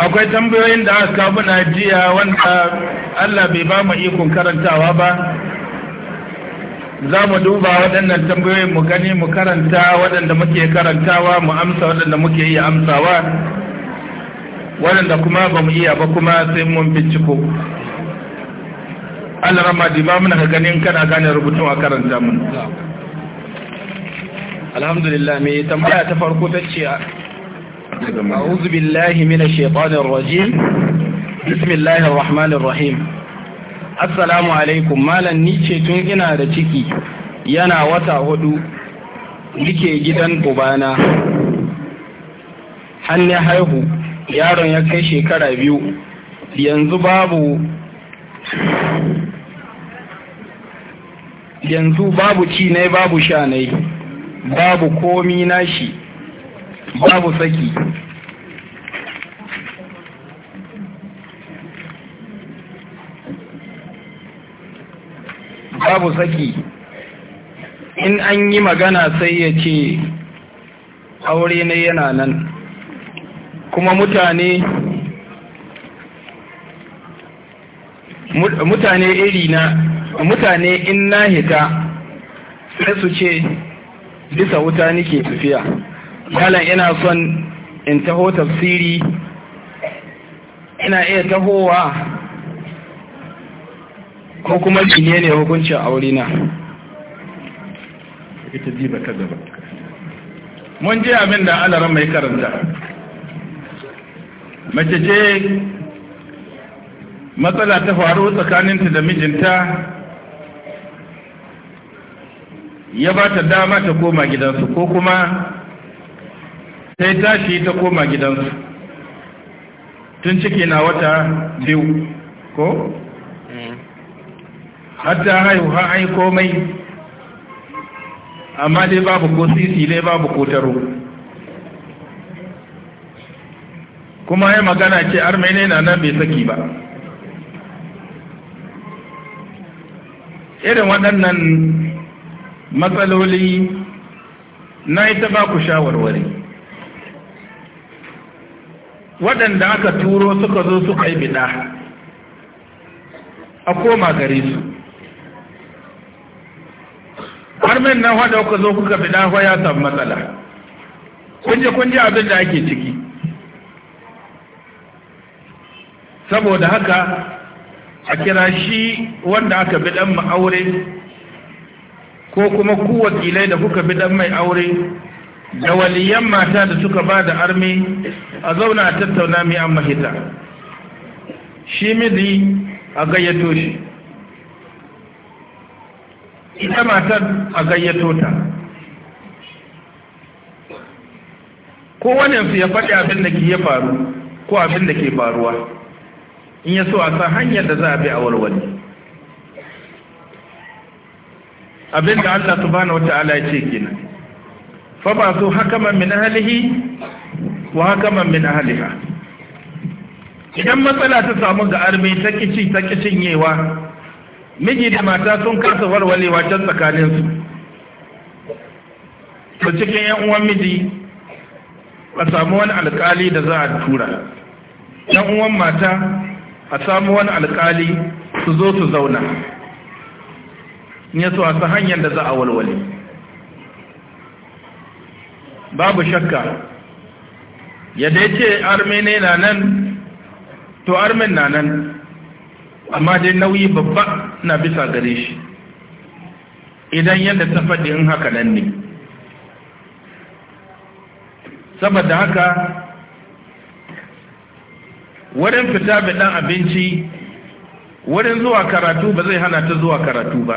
akwai tambayoyin da aka kawo jiya wanda Allah bai ba mu ikon karantawa ba za mu duba waɗannan tambayoyin mu gani mu karanta waɗanda muke karantawa mu amsa waɗanda muke iya amsawa waɗanda kuma ba mu iya ba kuma sai mun binciko Allah rama diba muna ka ganin kana gane rubutun a karanta mun alhamdulillah mai tambaya ta farko ta ce a'udhu billahi minash shaitanir rajim bismillahir rahmanir rahim assalamu alaikum malam ni ce tun ina da ciki yana wata hudu nike gidan ubana hannu haihu yaron ya kai shekara biyu yanzu babu yanzu babu ci ne babu sha ne babu komi nashi babu saki babu saki in an yi magana sai ya ce aure ne yana nan kuma mutane mutane iri na mutane in na hita sai su ce bisa wuta nike tafiya malam ina son in taho tafsiri ina iya tahowa ko kuma ne ne hukuncin aure na ita ji baka gaba mun ji abin da alaran mai karanta mace ce matsala ta faru tsakaninta da mijinta ya ba ta dama ta koma gidansu ko kuma sai tashi ta koma gidansu tun ciki na wata biyu ko? Mm. hatta haihu ha ai komai amma dai babu ko sisi dai babu ko taro kuma ya magana ce armene na nan bai saki ba irin waɗannan matsaloli na ita ba ku shawarwari waɗanda aka turo suka zo suka yi bida a koma gare su har min na hada kuka zo kuka fi dafa ya samu matsala kun kunje kunje abin da ake ciki saboda haka a kira shi wanda aka bi dan mu aure ko kuma ku wakilai da kuka bi dan mai aure da waliyan mata da suka ba da armi a zauna a tattauna mai an mahita shi midi a gayyato shi ita matar a gayyato ta Ko su ya faɗi abin da ke ya faru ko abin da ke faruwa in ya so a san hanyar da za a bi a warware abin da Allah subhanahu ta'ala ya ce kenan fa ba su hakaman min ahlihi wa hakaman min ahliha idan matsala ta samu ga arme ta kici ta kicin miji da mata sun kasa warwalewa can tsakaninsu to cikin yan uwan miji a samu wani alkali da za a tura yan uwan mata a samu wani alkali su zo su zauna ne su wasu hanyar da za a walwale babu shakka ya ce armene na nan to armen na nan amma dai nauyi babba na bisa gare shi idan yadda ta faɗi in haka nan ne saboda haka wurin fita biɗan abinci wurin zuwa karatu ba zai hana ta zuwa karatu ba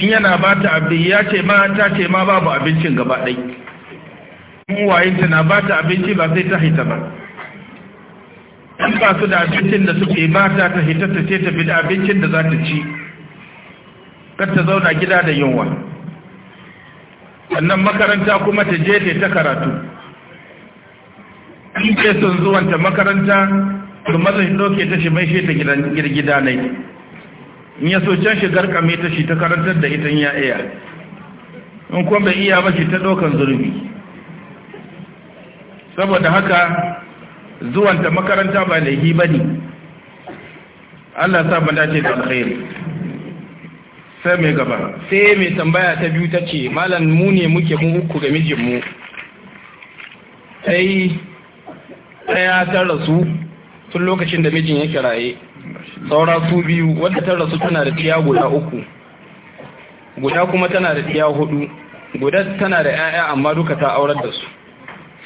in yana ba ta abin ya ce ma ta ce ma babu abincin gaba ɗai wayin wayinta na ba ta abinci ba sai ta haita ba in ba su da abincin da suke ba ta ta hita ta ce ta da abincin da za ta ci kar ta zauna gida da yunwa sannan makaranta kuma ta je ta karatu An ce sun zuwanta makaranta su maza shi ɗauke ta shi mai shi ta girgida ne in ya so can shigar kame ta shi ta karantar da ita ya iya in kuma bai iya ba shi ta ɗaukan zurbi saboda haka zuwanta makaranta ba laifi ba ne Allah sa ba dace da alkhairi sai mai gaba sai mai tambaya ta biyu ta ce malam mu ne muke mu uku ga mijinmu sai ɗaya ta rasu tun lokacin da mijin yake raye saura su biyu wadda ta rasu tana da tiya guda uku guda kuma tana da tiya hudu guda tana da 'ya'ya amma duka ta aurar da su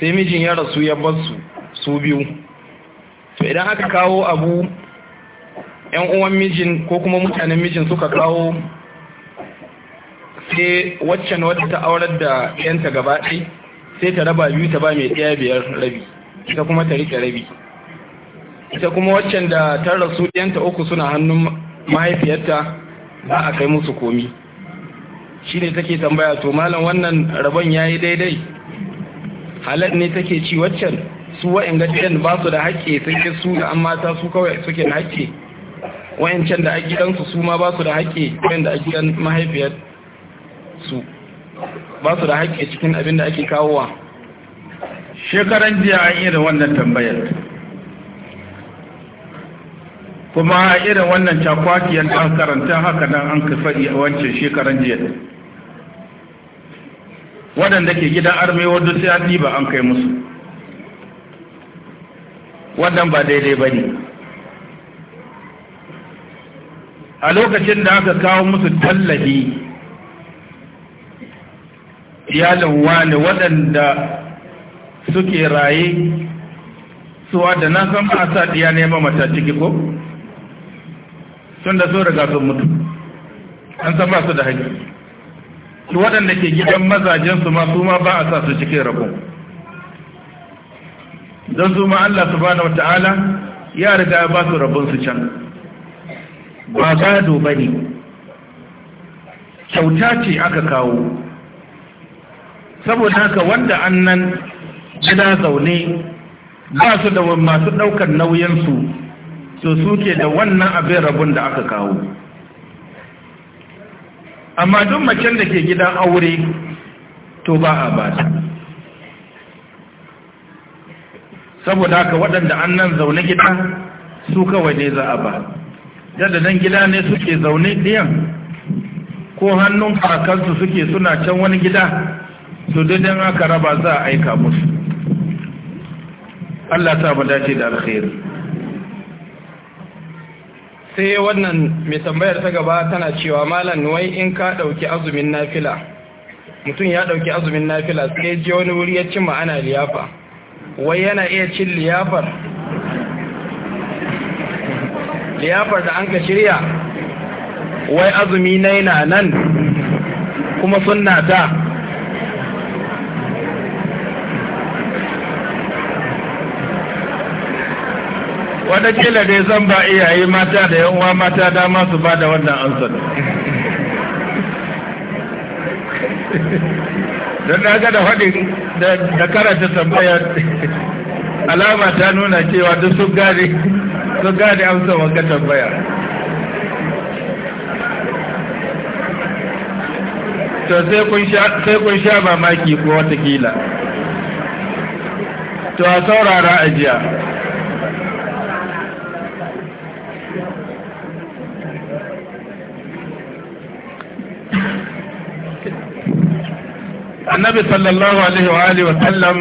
sai mijin ya rasu ya bar su su biyu to idan aka kawo abu yan uwan mijin ko kuma mutanen mijin suka kawo sai waccan wadda ta aurar da yanta gaba sai ta raba biyu ta ba mai ɗaya biyar rabi ita kuma ta rike rabi ita kuma waccan da ta rasu ɗayanta uku suna hannun mahaifiyarta za a kai musu komi shi ne take tambaya to malam wannan rabon ya yi daidai halar ne take ci waccan su wa'anga ɗin ba su da haƙƙi sun ke su da an mata su kawai suke da haƙƙi wa'ancan da a gidansu su ma ba su da haƙƙi da a gidan mahaifiyar su ba su da haƙƙi cikin abin da ake kawowa shekaran jiya an da wannan tambayar kuma a irin wannan cakwakiyar an karanta haka nan an ka faɗi a wancan shekaran jiya waɗanda ke gidan armewa duk sai an ɗiba an kai musu wannan ba daidai ba ne a lokacin da aka kawo musu tallafi iyalin wani waɗanda suke raye suwa da na san ba a sa ɗiya neman mata ciki ko sun da so riga sun mutu an san ba su da Su waɗanda ke gidan mazajensu ma su ma ba a sa su cikin rabon don su ma Allah subhanahu wata'ala ya riga ba su rabon su can ba gado ne. kyauta ce aka kawo saboda haka wanda an nan gida zaune ba su da masu ɗaukar nauyinsu to suke da wannan abin rabon da aka kawo amma duk macen da ke gidan aure to ba a bata saboda haka waɗanda an nan zaune gida su kawai ne za a ba yadda nan gida ne suke zaune ɗiyan ko hannun kakansu suke suna can wani gida su daidan aka raba za a aika musu Allah ta mu dace da alkhairu. sai wannan mai tambayar ta gaba tana cewa malam wai in ka ɗauki azumin nafila mutum ya ɗauki azumin nafila sai je wani wuri ya cimma ana liyafa wai yana iya cin liyafar liyafar da an ka shirya wai azumi na yana nan kuma sunna ta wadakila dai zan ba iyaye mata da yan mata dama su ba da wannan ansar don na ga da faɗi da karanta tambaya alama ta nuna cewa duk sun gane sun gane amsa wanka tambaya to sai kun sha mamaki ko watakila to a saurara ajiya annabi sallallahu alaihi wa sallam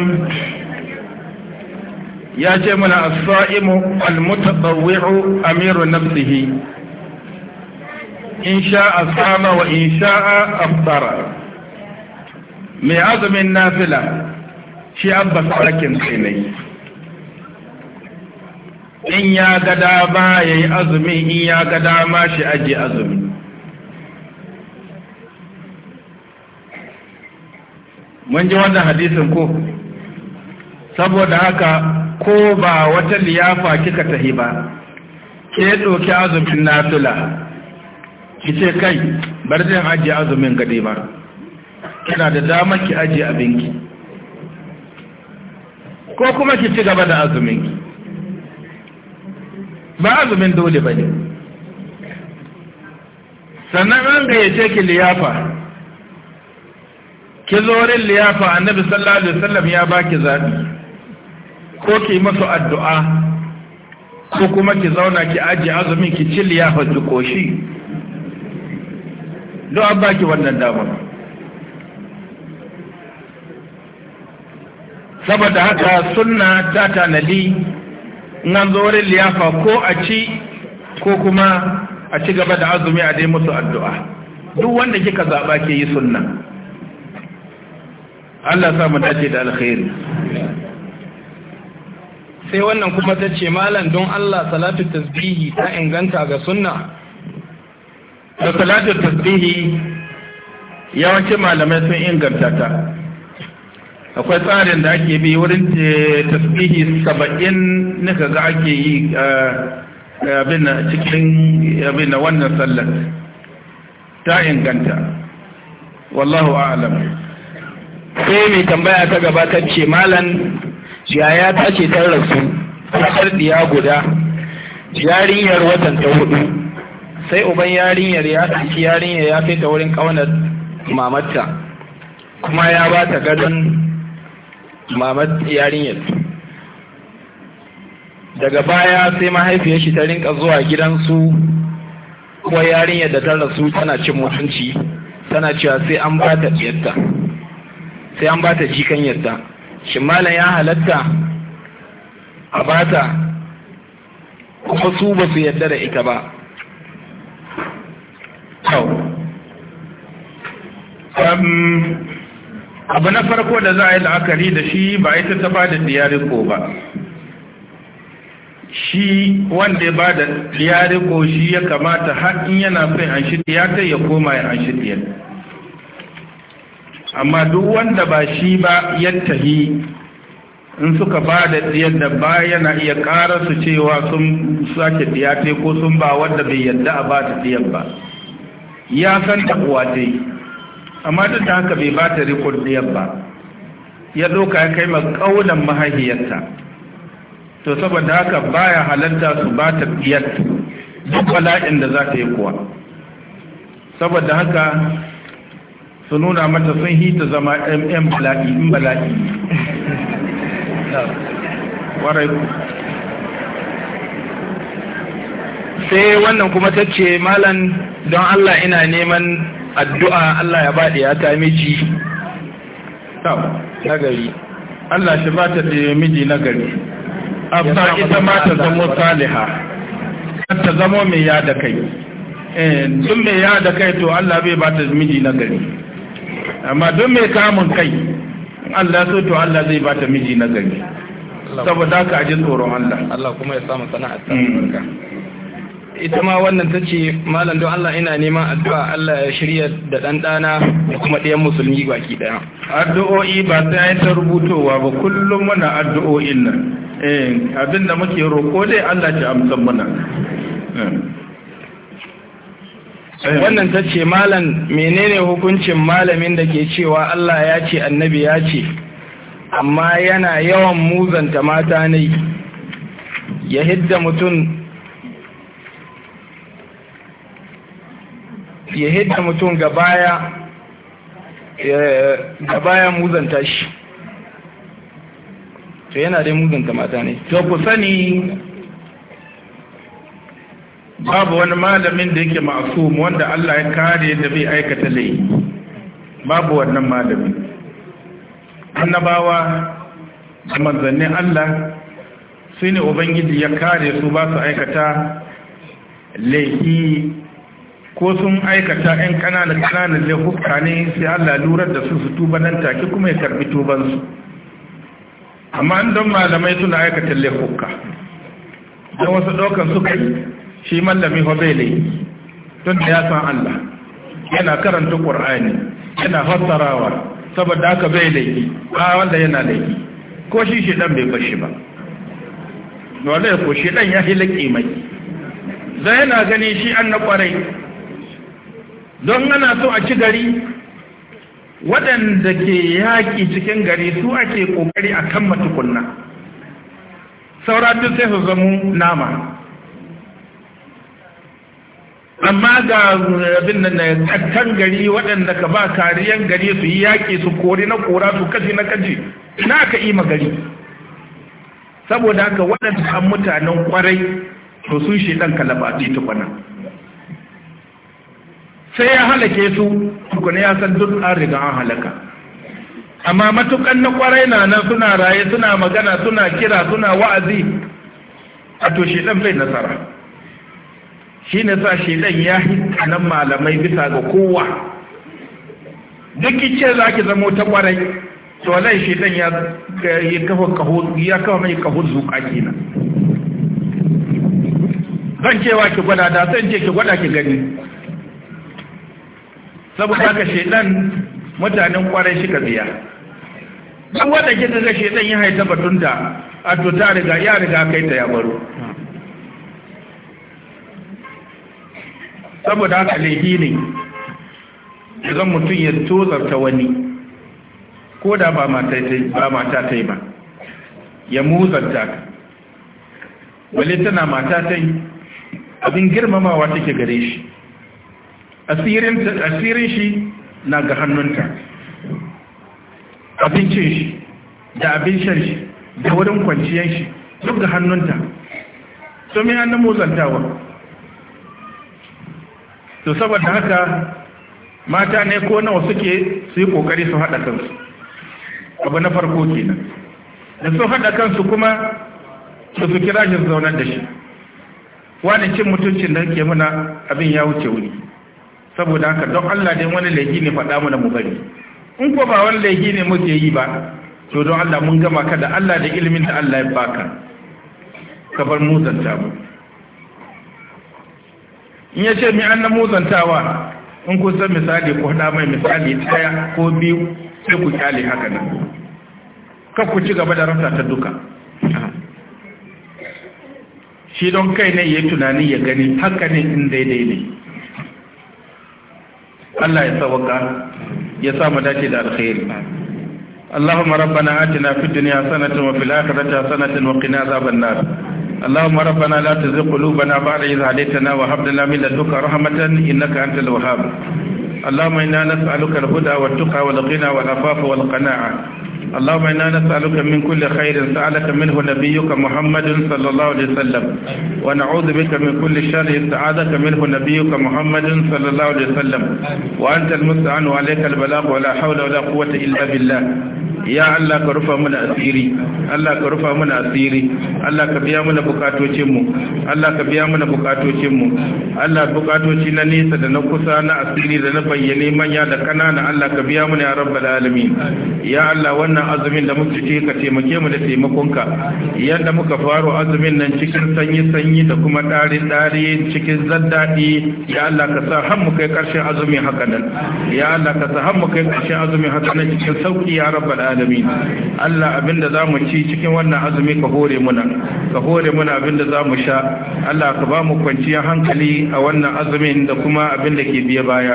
ya ce mana as-sa'imu al-mutatawwi'u amiru nafsihi in sha'a sama wa in sha'a aftara mai azumin nafila shi abba sarakin sai ne in ya ga dama ya yi azumi in ya ga dama shi aje azumi mun ji wannan hadisin ko saboda haka ko ba wata liyafa kika tahi ba ke ɗauki azumin nafila ki ce kai bar zan ajiye azumin gade ba kina da dama ki ajiye abinki ko kuma ki ci gaba da azuminki ba azumin dole ba ne sannan an gayyace ki liyafa ki zo wurin liyafa annabi sallallahu alaihi wasallam ya baki zabi ko ki masa addu'a ko kuma ki zauna ki aje azumin ki ci liyafa ki koshi do an baki wannan damar saboda haka sunna ta tanadi nan zo rin liyafa ko a ci ko kuma a ci gaba da azumi a dai musu addu'a duk wanda kika zaba ke yi sunna Allah sa mu dace da alkhairi sai wannan kuma ta ce malam don Allah salatu tasbihi ta inganta ga sunna da salatu tasbihi yawancin malamai sun inganta ta akwai tsarin da ake bi wurin tasbihi saba'in nika ga ake yi eh, eh, a cikin abin wannan sallar ta inganta wallahu a'lam sai mai tambaya ta gaba ta ce malam yaya ta ce ta rasu kasar diya guda yarinyar watan ta hudu sai uban yarinyar ya ɗauki yarinyar ya kai ta wurin ƙaunar mamatta kuma ya ba ta gadon mamat yarinyar daga baya sai mahaifiyar shi ta rinka zuwa gidansu kuma yarinyar da ta rasu tana cin mutunci tana cewa sai an ba ta tsiyarta sai an bata jikan yarda shin malam ya halatta a bata kuma su ba su yarda da ita ba abu na farko da za a yi la'akari da shi ba a yi ta taba da diyariko ba shi wanda ya ba da diyariko shi ya kamata har in yana fin an shi ya koma ya an shi diyariko amma duk wanda ba shi ba yattahi in suka ba da da ba yana iya ƙara su cewa sun sake diyate ko sun ba wanda bai yadda a ba ta tsiyar ba ya san taɓuwa dai amma duk da haka bai ba ta rikon tsiyar ba ya doka ya kai makaunan mahaifiyarta to saboda haka baya halatta su ba ta diyar duk bala'in da za ta yi kuwa saboda haka su nuna mata sun hita zama mm bala'i in bala'i warai sai wannan kuma ta ce malan don allah ina neman addu'a allah ya baɗe ya ta miji nagari allah shi ba ta da miji nagari abuwa ita ma ta zamo saliha ta zamo mai ya da kai eh, duk mai ya da kai to allah bai ba ta miji nagari amma don mai kamun kai in Allah so to Allah zai bata miji na gani saboda ka ajin tsoron Allah Allah kuma ya samu sana'a ta mm. ita ma wannan ta ce malam don Allah ina neman addu'a Allah ya shirya da ɗanɗana da kuma ɗayan musulmi baki ɗaya addu'o'i ba sai ta rubutowa ba kullum muna addu'o'in nan eh, abinda muke roƙo dai Allah ya amsa mana eh. wannan ta ce malam menene hukuncin malamin da ke cewa Allah ya ce annabi ya ce amma yana yawan muzanta mata ne ya hidda mutum ya hidda mutum ga baya muzanta shi to yana dai muzanta mata ne to ku sani babu wani malamin da yake ma'asum wanda Allah ya kare da bai aikata laifi babu wannan malami annabawa da manzannin Allah su ne ubangiji ya kare su ba su aikata laifi ko sun aikata 'yan ƙananan ƙananan laifuka ne sai Allah lura da su su tuba nan take kuma ya karbi tubansu amma an don malamai suna aikata laifuka don wasu ɗaukan suka yi shi mallami hobele bai laifi tun da ya san Allah yana karanta Qur'ani yana fassarawa saboda haka bai laifi ba wanda yana laifi ko shi shi dan bai bashi ba wanda ko shi dan ya hilaki mai dan yana gani shi an na kwarai don ana so a ci gari waɗanda ke yaƙi cikin gari su ake ƙoƙari a kan matukunna duk sai su zamo nama amma ga abin nan na tsakkan gari waɗanda ka ba kariyan gari su yi yaƙi su kori na kora su kaji na kaji na ka yi magari saboda haka waɗanda an mutanen kwarai to sun shi ɗan kalabati tukwana sai ya halake su tukuna ya san duk an riga an halaka amma matukan na kwarai na nan suna raye suna magana suna kira suna wa'azi a to shi ɗan bai nasara shi ne sa shaidan ya nan malamai bisa ga kowa duk ce za ki zamo ta kwarai to shi shaidan ya kafa kaho ya kafa mai kaho zuƙa kenan zan cewa ki gwada da zan ce ki gwada ki gani saboda shi shaidan mutanen kwarai shi ka biya duk wanda kika ga shaidan ya haita batun da a to ta riga ya riga kai ta ya baro saboda haka laifi ne idan mutum ya tozarta wani ko da ba mata ta yi ba ya muzarta ka wale tana mata ta yi abin girmamawa take gare shi asirin shi na ga hannunta abincin shi da abin shan shi da wurin kwanciyar shi duk ga hannunta sun yi na muzantawa to saboda haka mata ne ko nawa suke su yi kokari su haɗa kansu abu na farko kenan da sun haɗa kansu kuma su su kira shi zaunar da shi wani cin mutuncin da ke muna abin ya wuce wuri saboda haka don Allah dai wani laifi ne faɗa mana mu bari in ko ba wani laifi ne muke yi ba to don Allah mun gama ka da Allah da ilimin da Allah ya baka kabar bar mu zanta mu in ya ce mi an na muzantawa in kun san misali ko hada mai misali ɗaya ko biyu sai ku kyale haka nan kan ku ci gaba da rasa ta duka shi don kai ne ya tunani ya gani haka ne in daidai ne Allah ya sauka ya sa mu dace da alkhairi اللهم ربنا آتنا في الدنيا حسنة وفي الآخرة حسنة وقنا عذاب النار اللهم ربنا لا تزغ قلوبنا بعد إذ هديتنا وهب لنا من لدنك رحمة إنك أنت الوهاب اللهم إنا نسألك الهدى والتقى والغنى والعفاف والقناعة اللهم إنا نسألك من كل خير سألك منه نبيك محمد صلى الله عليه وسلم ونعوذ بك من كل شر استعاذك منه نبيك محمد صلى الله عليه وسلم وأنت المستعان وعليك البلاغ ولا حول ولا قوة إلا بالله ya Allah ka rufa mana asiri Allah ka rufa mana asiri Allah ka biya mana bukatocinmu Allah ka biya mana bukatocinmu Allah bukatoci na nesa da na kusa na asiri da na bayyane manya da ƙanana Allah ka biya mana ya Allah wannan azumin da muke ciki ka taimake mu da taimakonka yadda muka faro azumin nan cikin sanyi sanyi da kuma dare ɗari cikin zaddadi ya Allah ka sa har mu kai ƙarshen azumin haka nan ya Allah ka sa har mu kai ƙarshen azumin haka nan cikin sauki ya rabbal alamin Allah abinda za mu ci cikin wannan azumi ka hore muna ka hore muna abinda za mu sha Allah ka ba mu kwanciyar hankali a wannan azumin da kuma abin da ke biya baya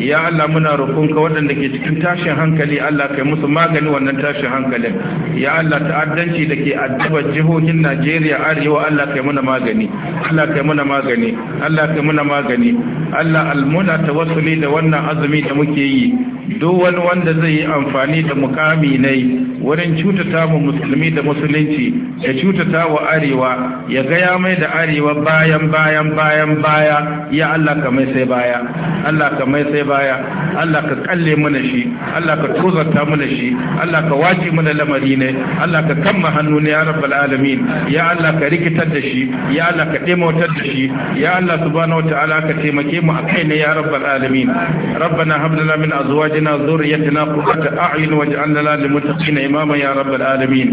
ya Allah muna roƙonka waɗanda ke cikin tashin hankali Allah kai musu magani wannan wannan tashin hankalin ya Allah ta'addanci da ke addabar jihohin Najeriya arewa Allah kai muna magani Allah kai muna magani Allah kai muna magani Allah almuna tawassuli da wannan azumi da muke yi duk wani wanda zai yi amfani da mukami ne wurin cutata mu musulmi da musulunci ya cutata wa arewa ya gaya mai da arewa bayan bayan bayan baya ya Allah ka mai sai baya Allah ka mai sai baya Allah ka kalle mana shi Allah ka tozarta mana shi Allah Allah ka wace mana lamari ne Allah ka kamma hannu ne ya rabbal alamin ya Allah ka rikitar da shi ya Allah ka taimautar da shi ya Allah subhanahu wataala ka taimake mu akai ne ya rabbal alamin rabbana hab lana min azwajina dhurriyyatina qurrata a'yun waj'alna lana lil muttaqina imama ya rabbal alamin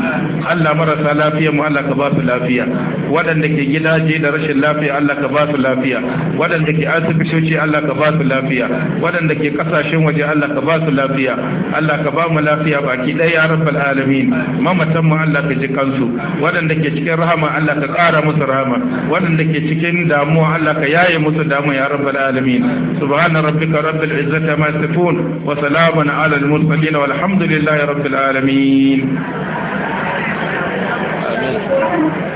Allah marasa lafiya mu Allah ka ba su lafiya waɗanda ke gidaje da rashin lafiya Allah ka ba su lafiya waɗanda ke asibitoci Allah ka ba su lafiya waɗanda ke kasashen waje Allah ka ba su lafiya Allah ka ba mu lafiya baki baki ɗaya ya rabbal alamin mamatan mu Allah ka ji kansu waɗanda ke cikin rahama Allah ka ƙara musu rahama waɗanda ke cikin damuwa Allah ka yaye musu damuwa ya rabbal alamin subhana rabbika rabbil izzati ma yasifun wa salamun ala al mursalin walhamdulillahi rabbil alamin amin